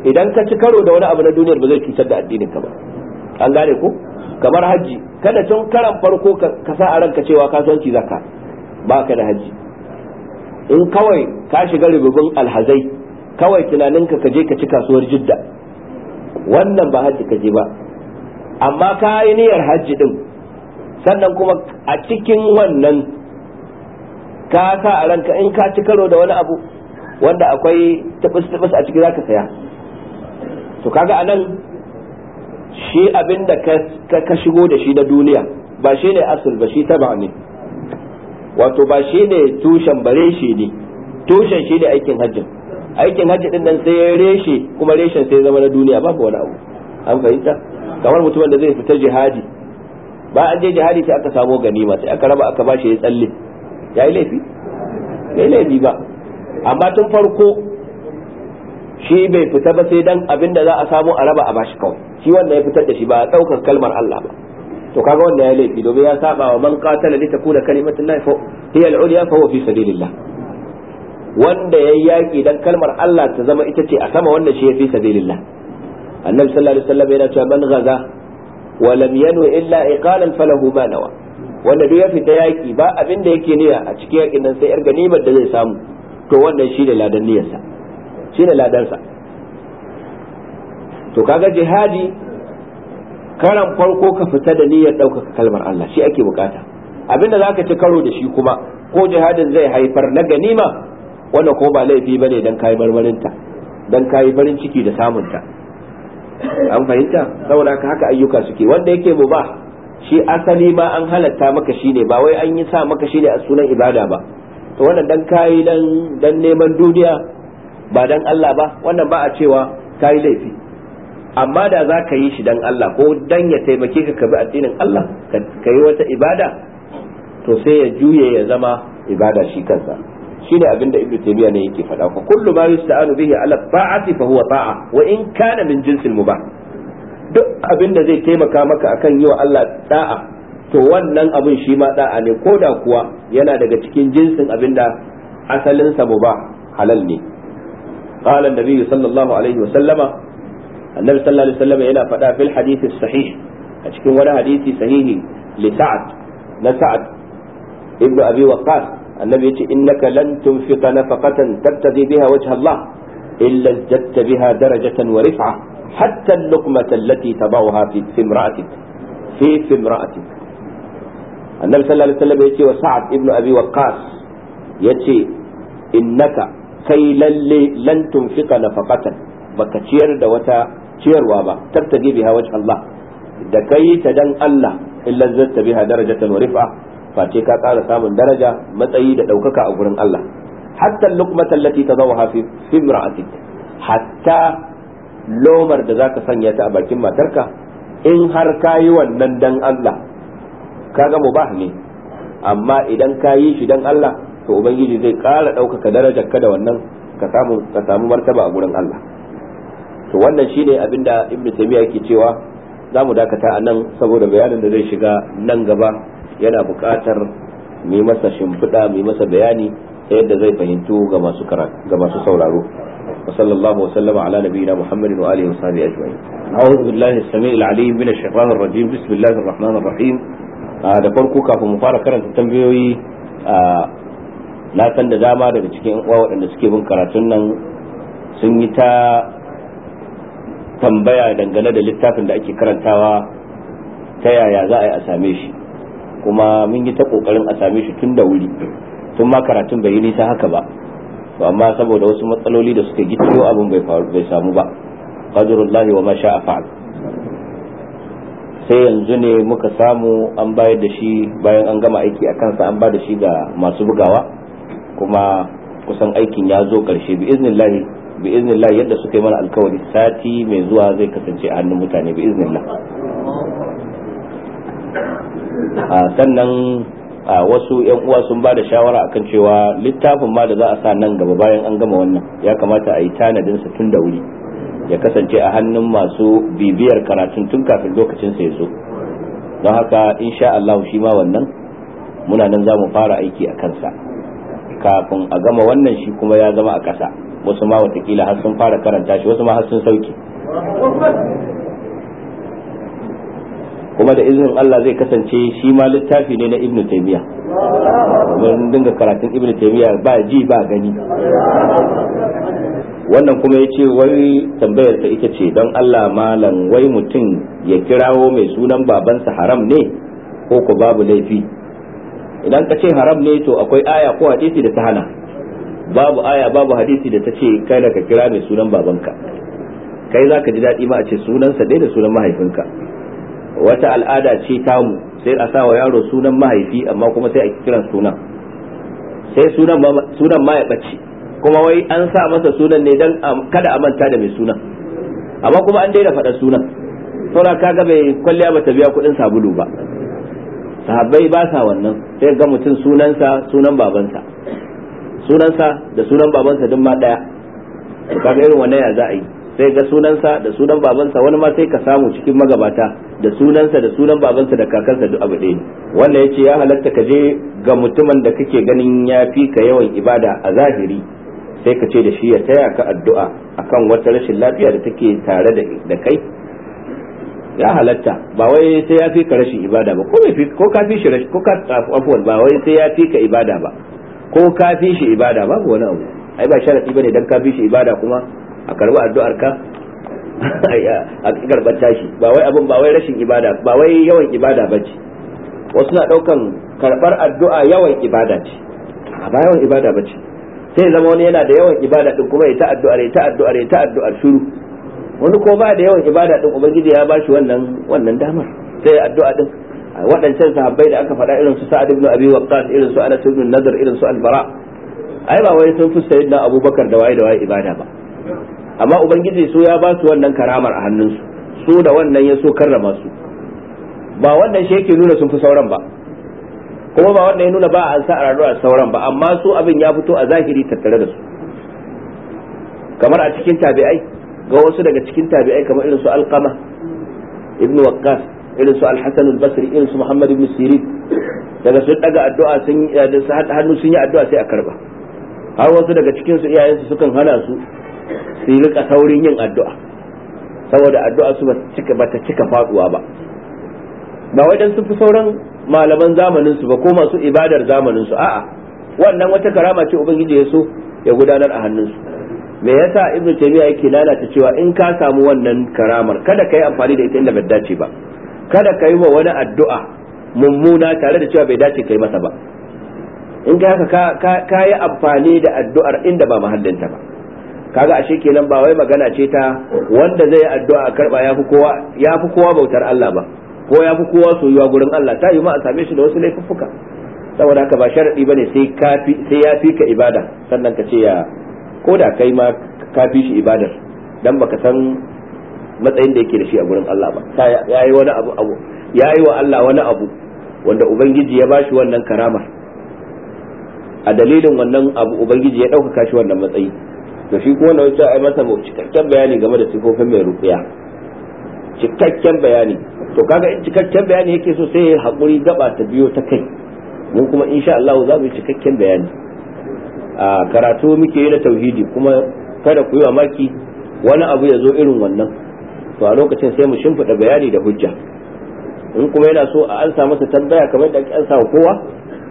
[SPEAKER 2] idan ka ci karo da wani abu na duniyar ba zai cutar da addinin ka ba an gane ko kamar hajji kada tun karan farko ka sa a ranka cewa kasuwanci zakka ba ka da haji in kawai ka shiga ribibin alhazai kawai tunaninka ka je ka ci kasuwar jidda wannan ba hajji ka je ba amma ka yi niyyar hajji din sannan kuma a cikin wannan ka sa a ranka in ka ci karo da wani abu wanda akwai tabis-tabis a ciki zaka saya to kaga anan shi abinda da ka shigo da shi na duniya ba shi ne asul ba shi taba ne wato ba shi ne tushen bare shi ne tushen shi ne aikin hajjin aikin hajji din nan sai ya reshe kuma reshen sai zama na duniya babu wani abu an fahimta kamar mutumin da zai fita jihadi ba an je jihadi sai aka samo ganima sai aka raba aka bashi ya tsalle ya yi laifi Bai laifi ba amma tun farko shi bai fita ba sai dan abin da za a samu a raba a bashi kawai shi wanda ya fitar da shi ba a daukar kalmar Allah ba to kaga wannan ya laifi domin ya saba wa man qatala li takuna llahi fa hiya al-ulya fa huwa fi sabilillah wanda yayi yaki dan kalmar Allah ta zama ita ce a sama wannan shi ya fi sabilillah annabi sallallahu alaihi wasallam yana cewa man gaza. wa lam yanu illa iqalan falahu ma nawa wanda duk ya fita yaki ba abin da yake niyya a cikin yakin nan sai yar ganimar da zai samu to wannan shi da ladan niyyarsa shi ne ladansa to kaga jihadi karan farko ka fita da niyyar ɗaukaka kalmar Allah shi ake bukata abinda za ka ci karo da shi kuma ko jihadin zai haifar na ganima wannan ko ba laifi ba ne don kayi marmarinta don kayi farin ciki da samunta an fahimta saboda haka ayyuka suke wanda yake mu ba shi asali ma an halatta maka shi ne ba wai an yi sa maka shi ne a sunan ibada ba to wannan dan kayi dan neman duniya ba dan Allah ba wannan ba a cewa kayi laifi amma da za ka yi shi dan Allah ko dan ya taimake ka ka bi addinin Allah ka yi wata ibada to sai ya juye ya zama ibada shi kansa shine abin da ibnu taymiya ne yake faɗa ku kullu ma yusta'anu bihi ala ta'ati fa huwa ta'a wa in kana min jinsil mubah duk abinda zai taimaka maka akan yi wa Allah da'a to wannan abin shi ma da'a ne ko da kuwa yana daga cikin jinsin abinda asalinsa mu ba mubah halal ne qala an-nabi sallallahu alaihi wa sallama النبي صلى الله عليه وسلم إلى فتاة في الحديث الصحيح أشكي ولا حديث صحيح لسعد لسعد ابن أبي وقاص النبي يقول إنك لن تنفق نفقة تبتغي بها وجه الله إلا ازددت بها درجة ورفعة حتى اللقمة التي تضعها في امرأتك في في امرأتك النبي صلى الله عليه وسلم يأتي وسعد ابن أبي وقاص يأتي إنك كي لن تنفق نفقة baka ciyar da wata ciyarwa ba tabtaji biha wajh Allah da kai ta dan Allah illa zatta biha darajatan wa rif'a face ka ƙara samun daraja matsayi da ɗaukaka a gurin Allah hatta luqmata allati tadawaha fi fi imra'atik hatta lomar da zaka sanya ta a bakin matarka in har kayi wannan dan Allah kaga mubah ne amma idan kayi shi dan Allah to ubangiji zai ƙara ɗaukaka darajar ka da wannan ka samu ka samu martaba a gurin Allah to wannan shine abinda ibnu taymiya yake cewa za mu dakata a nan saboda bayanin da zai shiga nan gaba yana buƙatar mu masa shimfiɗa mu masa bayani ta yadda zai fahimtu ga masu ga masu sauraro wa الله ala على نبينا محمد واله وصحبه اجمعين. اعوذ بالله السميع العليم من الشيطان الرجيم بسم bismillahir rahmanir الرحيم. Ah, da farko kafin mu fara karanta tambayoyi ah, na san da dama daga cikin uwa waɗanda suke bin karatun nan sun yi ta tambaya dangane da littafin da ake karantawa ta yaya za a yi a same shi kuma mun yi ta kokarin a same shi tun da wuri tun ma karatun bai yi nisa haka ba to amma saboda wasu matsaloli da suka gito abin bai faru bai samu ba qadrullahi wa ma sha'a fa'al sai yanzu ne muka samu an bayar da shi bayan an gama aiki a kansa an ba da shi ga masu bugawa kuma kusan aikin ya zo karshe bi iznillahi bi iznillah yadda suka yi mana alkawari sati mai zuwa zai kasance a hannun mutane bi iznillah a sannan a wasu yan uwa sun ba da shawara akan cewa littafin ma da za a sa nan gaba bayan an gama wannan ya kamata a yi tanadin sa tun da wuri ya kasance a hannun masu bibiyar karatun tun kafin lokacin sa ya zo don haka insha Allah shi ma wannan muna nan za mu fara aiki a kansa kafin a gama wannan shi kuma ya zama a ƙasa wasu ma watakila har sun fara karanta shi wasu ma har sun sauke kuma da izinin Allah zai kasance shi ma littafi ne na Ibn Taymiyyah mun dinga karatun Ibn Taymiyyah ba ji ba gani wannan kuma ya ce wai tambayar ta ita ce don Allah malam wai mutum ya kirawo mai sunan babansa haram ne ko ku babu laifi idan ka ce haram ne to akwai aya ko hadisi da ta hana babu aya babu hadisi da ta ce da ka kira mai sunan babanka kai za ka ji daɗi ma a ce sunansa dai da sunan mahaifinka wata al'ada ce tamu sai a sa wa yaro sunan mahaifi amma kuma sai a kiran sunan sai sunan ma ya ɓace kuma wai an sa masa sunan ne don kada a manta da mai sunan amma kuma an daina faɗa sunan saura kaga bai kwalliya ba ta biya kuɗin sabulu ba sahabbai ba sa wannan sai ga mutum sunansa sunan babansa sunansa da sunan babansa duk ma daya to kaga irin wannan ya za a yi sai ga sunansa da sunan babansa wani ma sai ka samu cikin magabata da sunansa da sunan babansa da kakansa duk abu ɗaya Wannan yace ya halatta ka je ga mutumin da kake ganin ya fi ka yawan ibada a zahiri sai ka ce da shi ya taya ka addu'a akan wata rashin lafiya da take tare da kai ya halatta ba wai sai ya fi ka rashin ibada ba ko ka fi shi rashin ko ka afuwan ba wai sai ya fi ka ibada ba ko ka fi shi ibada babu wani abu ai ba sharadi bane dan ka fi shi ibada kuma a karbi addu'ar ka a karbar tashi ba wai abun ba wai rashin ibada ba wai yawan ibada bace wasu na daukan karbar addu'a yawan ibada ce ba yawan ibada bace sai zama wani yana da yawan ibada din kuma ya ta addu'ar ya ta addu'ar ya ta addu'ar shiru wani ko ba da yawan ibada din ubangiji ya bashi wannan wannan damar sai addu'a din waɗancan sahabbai da aka faɗa irin su sa'ad ibn abi waqqas irin su anas ibn nadr irin su albara ai ba wai sun fi yadda abubakar da waye da wai ibada ba amma ubangiji su ya ba su wannan karamar a hannunsu su da wannan ya so karrama su ba wannan shi yake nuna sun fi sauran ba kuma ba wannan ya nuna ba an sa a sauran ba amma su abin ya fito a zahiri tattare da su kamar a cikin tabi'ai ga wasu daga cikin tabi'ai kamar irin su alqama Ibn waqqas irin su al-hasan al-basri irin su muhammad ibn sirin daga sun daga addu'a sun hannu sun yi addu'a sai a karba har wasu daga cikin su iyayensu sukan hana su su yi rika saurin yin addu'a saboda addu'a su ba ta cika faduwa ba ba wai dan sun fi sauran malaman zamanin su ba ko masu ibadar zamanin su a'a wannan wata karama ce ubangiji ya so ya gudanar a hannun su me yasa ibnu taymiya yake lalata cewa in ka samu wannan karamar kada ka yi amfani da ita inda bai dace ba kada ka yi wa wani addu'a mummuna tare da cewa bai dace kai masa ba in ka haka ka yi amfani da addu'ar inda ba mahallinta ba kaga ashe kenan ba wai magana ce ta wanda zai yi addu'a a karba yafi kowa yafi kowa bautar Allah ba ko yafi kowa soyuwa gurin Allah ta yi ma a same shi da wasu laifuffuka saboda haka ba sharadi bane sai ka sai ya fi ka ibada sannan ka ce ya ko da kai ma ka fi shi ibadar dan baka san matsayin da yake da shi a gurin Allah ba ya yi wani abu abu ya yi wa Allah wani abu wanda ubangiji ya bashi wannan karama a dalilin wannan abu ubangiji ya ɗaukaka shi wannan matsayi to shi kuma wanda ai masa cikakken bayani game da sifofin mai ruqiya cikakken bayani to kaga in cikakken bayani yake so sai ya hakuri gaba ta biyo ta kai mu kuma insha Allah za mu yi cikakken bayani a karatu muke yi na tauhidi kuma kada ku yi mamaki, wani abu ya zo irin wannan to a lokacin sai mu shimfiɗa bayani da hujja in kuma yana so a ansa masa tambaya kamar da an samu kowa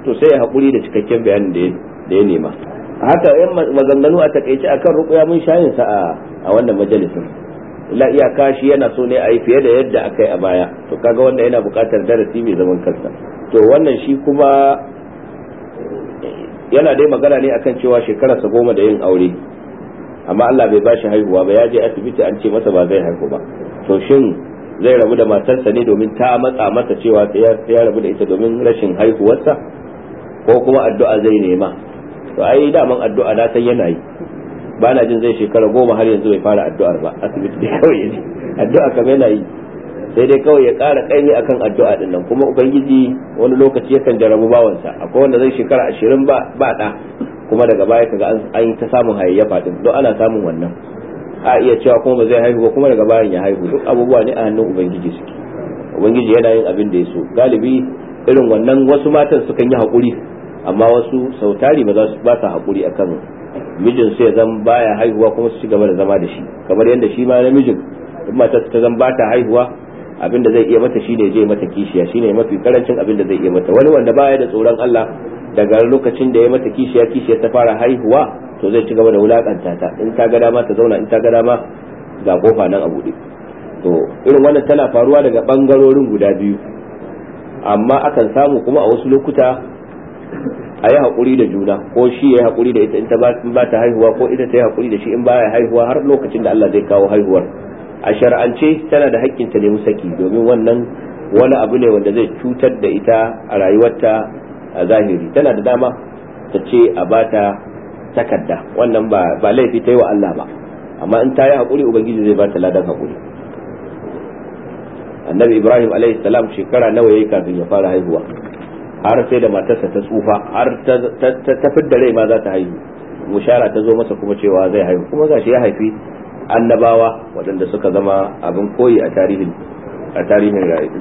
[SPEAKER 2] to sai ya haƙuri da cikakken bayanin da ya nema haka yan maganganu a takaice akan rukuya mun shayin sa a wannan majalisin illa iyaka shi yana so ne a yi fiye da yadda aka yi a baya to kaga wanda yana buƙatar darasi mai zaman kansa to wannan shi kuma yana dai magana ne akan cewa shekararsa goma da yin aure amma Allah bai bashi haihuwa ba ya je asibiti an ce masa ba zai haihu ba to shin zai rabu da matarsa ne domin ta matsa masa cewa ya rabu da ita domin rashin haihuwarsa ko kuma addu'a zai nema to ai daman addu'a na san yana yi ba na jin zai shekara goma har yanzu bai fara addu'ar ba asibiti dai kawai ne addu'a kam yana yi sai dai kawai ya ƙara ƙaimi akan addu'a din nan kuma ubangiji wani lokaci yakan jarabu bawansa akwai wanda zai shekara ashirin ba ba ɗa kuma daga baya kaga an ta samun hayayyafa din don ana samun wannan a iya cewa kuma ba zai haihu ba kuma daga bayan ya haihu duk abubuwa ne a hannun ubangiji suke ubangiji yana yin abin da ya so galibi irin wannan wasu matan sukan yi haƙuri amma wasu sautari ba za su ba sa haƙuri akan mijin su ya zan baya haihuwa kuma su ci gaba da zama da shi kamar yadda shi ma namijin duk matar ta zan ba haihuwa abin da zai iya mata shine je mata kishiya shi ne mafi karancin abin da zai iya mata wani wanda baya da tsoron Allah daga lokacin da ya mata kishiya kishiya ta fara haihuwa to zai ci gaba da wulakanta ta in ta ga dama ta zauna in ta ga dama ga kofa nan a to irin wannan tana faruwa daga bangarorin guda biyu amma akan samu kuma a wasu lokuta a yi haƙuri da juna ko shi ya yi haƙuri da ita in ba ta haihuwa ko ita ta yi haƙuri da shi in ba ya haihuwa har lokacin da Allah zai kawo haihuwar a shar'ance tana da haƙƙin ta nemi saki domin wannan wani abu ne wanda zai cutar da ita a rayuwarta a zahiri tana da dama ta ce a bata takarda wannan ba laifi ta yi wa Allah ba amma in ta yi haƙuri ubangiji zai bata ladan haƙuri annabi ibrahim alaihi salam shekara nawa yayi kafin ya fara haihuwa har sai da matarsa ta tsufa har ta fidda rai ma za ta haihu mushara ta zo masa kuma cewa zai haihu kuma gashi ya haifi annabawa waɗanda suka zama abin koyi a tarihin a tarihin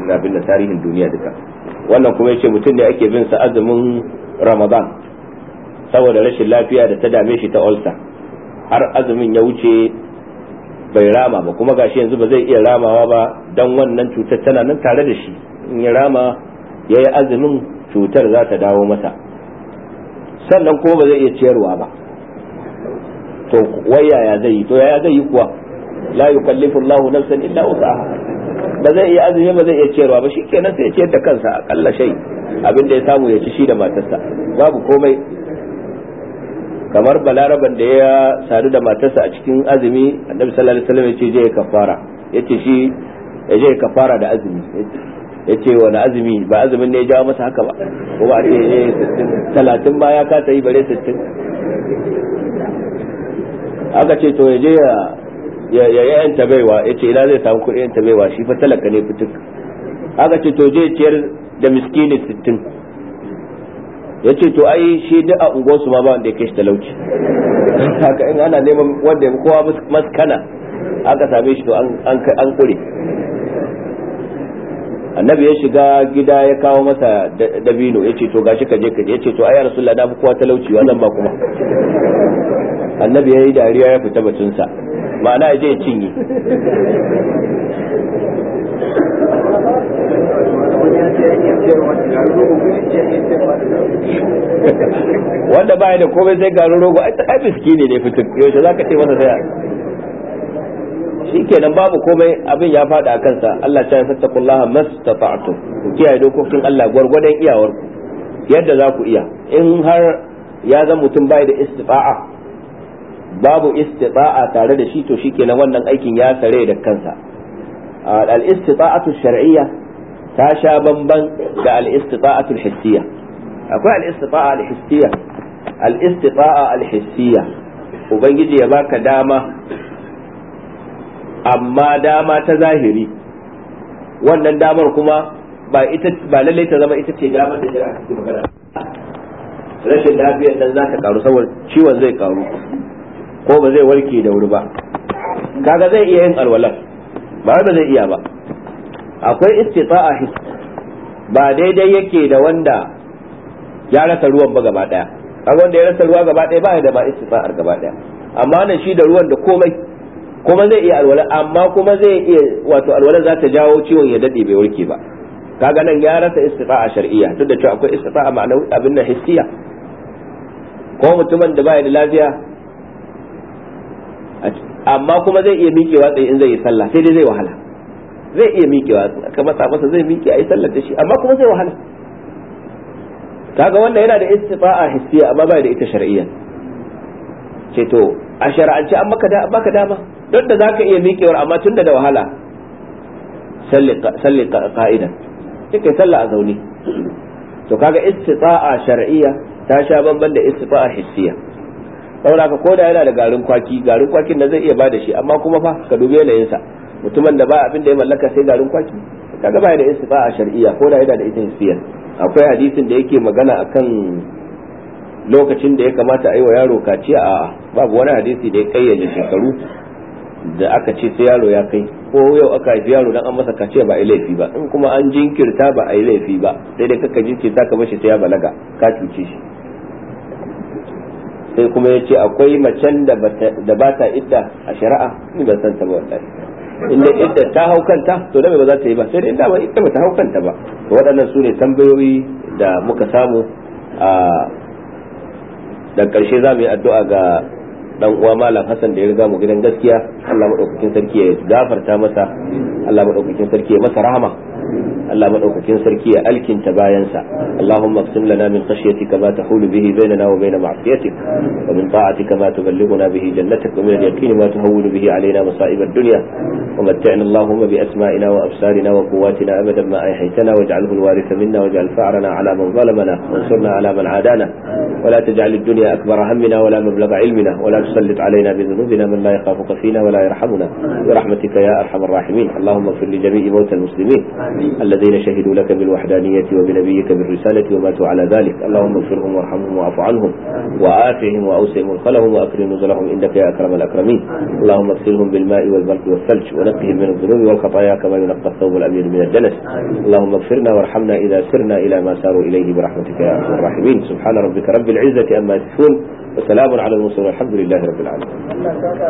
[SPEAKER 2] da tarihin duniya duka wannan kuma yace mutum ne ake bin sa azumin ramadan saboda rashin lafiya da ta dame shi ta ulcer har azumin ya wuce bai rama ba kuma gashi yanzu ba zai iya ramawa ba dan wannan cutar tana nan tare da shi in ya rama ya azumin cutar za ta dawo masa sannan kuma ba zai iya ciyarwa ba to wai yaya zai yi to yaya zai yi kuwa la yukallifu Allahu nafsan illa wus'aha ba zai iya azumi ba zai iya ciyarwa ba shikenan sai ya ciyar da kansa akalla shay abin da ya samu ya ci shi da matarsa babu komai kamar balaraban da ya sadu da matarsa a cikin azumi annabi sallallahu alaihi wasallam ce je ya kafara ce shi ya je ya kafara da azumi ce wani azumi ba azumin ne ya jawo masa haka ba ko ba ce eh, ne talatin ba ya kata yi bare 60 aka ce to ya je ya ya yanta baiwa ya ce ina zai samu kuɗi yanta baiwa shi fa talaka ne fituk aka ce to je ciyar da miskini sittin ya ce to ai shi duk a unguwarsu ma ba wanda ya kai shi talauci haka in ana neman wanda ya kowa maskana aka same shi to an kure annabi ya shiga gida ya kawo masa dabino ya ce to gashi ka je ka je ya ce to ayya rasulullah na fi kowa talauci wa zan ba kuma annabi ya yi dariya ya fita batunsa ma'ana ya je ya cinye wanda baya da komai sai garin rogo ai biski ne ne fitin yaushe za ka ce masa sai shikenan babu komai abin ya fada a kansa Allah ta fattakullaha mastata'tu ku kiyaye dokokin Allah gwargwadon ku. yadda za ku iya in har ya zama mutum bai da istifa'a babu istifa'a tare da shi to shikenan wannan aikin ya sare da kansa al istifa'atu shar'iyya ta sha bamban da al istifa'atu hissiyya akwai al istifa'a al hissiyya al istifa'a al hissiyya ubangiji ya baka dama amma dama ta zahiri wannan damar kuma ba ita ba lalle ta zama ita ce damar da shari'a take magana rashin lafiyar nan za ta karu saboda ciwon zai karu ko ba zai warke da wuri ba kaga zai iya yin alwalar ba ba zai iya ba akwai istita'a his ba daidai yake da wanda ya rasa ruwan ba gaba daya kaga wanda ya rasa ruwa gaba daya ba ya da ba istita'ar gaba daya amma nan shi da ruwan da komai kuma zai iya alwala amma kuma zai iya wato alwala za ta jawo ciwon ya dade bai warke ba kaga nan ya rasa istifa'a shar'iyya duk da cewa akwai istifa'a ma'anar abin na hissiya ko mutumin da baya da lafiya amma kuma zai iya miƙewa tsaye in zai yi sallah sai dai zai wahala zai iya miƙewa kamar sa masa zai miƙe a yi sallar da shi amma kuma zai wahala kaga wannan yana da istifa'a hissiya amma baya da ita shar'iyya ce to a shar'ance an maka da baka dama don da za ka iya miƙewar amma tun da da wahala salli ka'idan sai kai sallah a zaune to kaga istita'a shar'iyya ta sha bamban da istita'a hissiya saboda ka koda yana da garin kwaki garin kwakin da zai iya bada shi amma kuma fa ka dubi yanayinsa mutumin da ba abin da ya mallaka sai garin kwaki kaga ba da istita'a shar'iyya koda yana da ita hissiya akwai hadisin da yake magana akan lokacin da ya kamata a yi wa yaro kaciya a babu wani hadisi da ya kayyade shekaru da aka ce sai yaro ya kai ko yau aka haifi yaro dan an masa kaciya ba a laifi ba in kuma an jinkirta ba a yi laifi ba sai dai kaka jinkirta ka bashi sai ya balaga ka cuce shi sai kuma ya ce akwai macen da ba ta idda a shari'a ni ban san ta ba wallahi inda idda ta hau kanta to da ba za ta yi ba sai dai inda ba idda ba ta hau kanta ba to waɗannan su ne tambayoyi da muka samu a ah, dan karshe za mu yi addu'a ga dan uwa malam Hassan da ya riga mu gidan gaskiya Allah madaukakin sarki ya gafarta masa Allah madaukakin sarki ya masa rahama Allah madaukakin sarki ya alkinta bayansa Allahumma qsim lana min khashyatika ma tahulu bihi bainana wa bain ma'siyatik wa min ta'atika ma tuballighuna bihi jannatak wa min al-yaqini ma tuhawwinu bihi alayna masa'ib ad-dunya wa matta'na Allahumma bi asma'ina wa absarina wa quwwatina abadan ma ahaytana waj'alhu al-waritha minna waj'al fa'rana ala man zalamana wa ansurna ala man adana wa la taj'al ad-dunya akbar hammina wa la mablagha ilmina wa la تسلط علينا بذنوبنا من لا يخافك فينا ولا يرحمنا برحمتك يا أرحم الراحمين اللهم اغفر لجميع موتى المسلمين الذين شهدوا لك بالوحدانية وبنبيك بالرسالة وماتوا على ذلك اللهم اغفرهم وارحمهم واعف عنهم وعافهم وأوسع مدخلهم وأكرم نزلهم إنك يا أكرم الأكرمين اللهم اغسلهم بالماء والبرد والثلج ونقهم من الذنوب والخطايا كما ينقى الثوب الأبيض من الدنس اللهم اغفرنا وارحمنا إذا سرنا إلى ما ساروا إليه برحمتك يا أرحم الراحمين
[SPEAKER 3] سبحان ربك رب العزة أما يصفون وسلام على المرسلين والحمد لله رب العالمين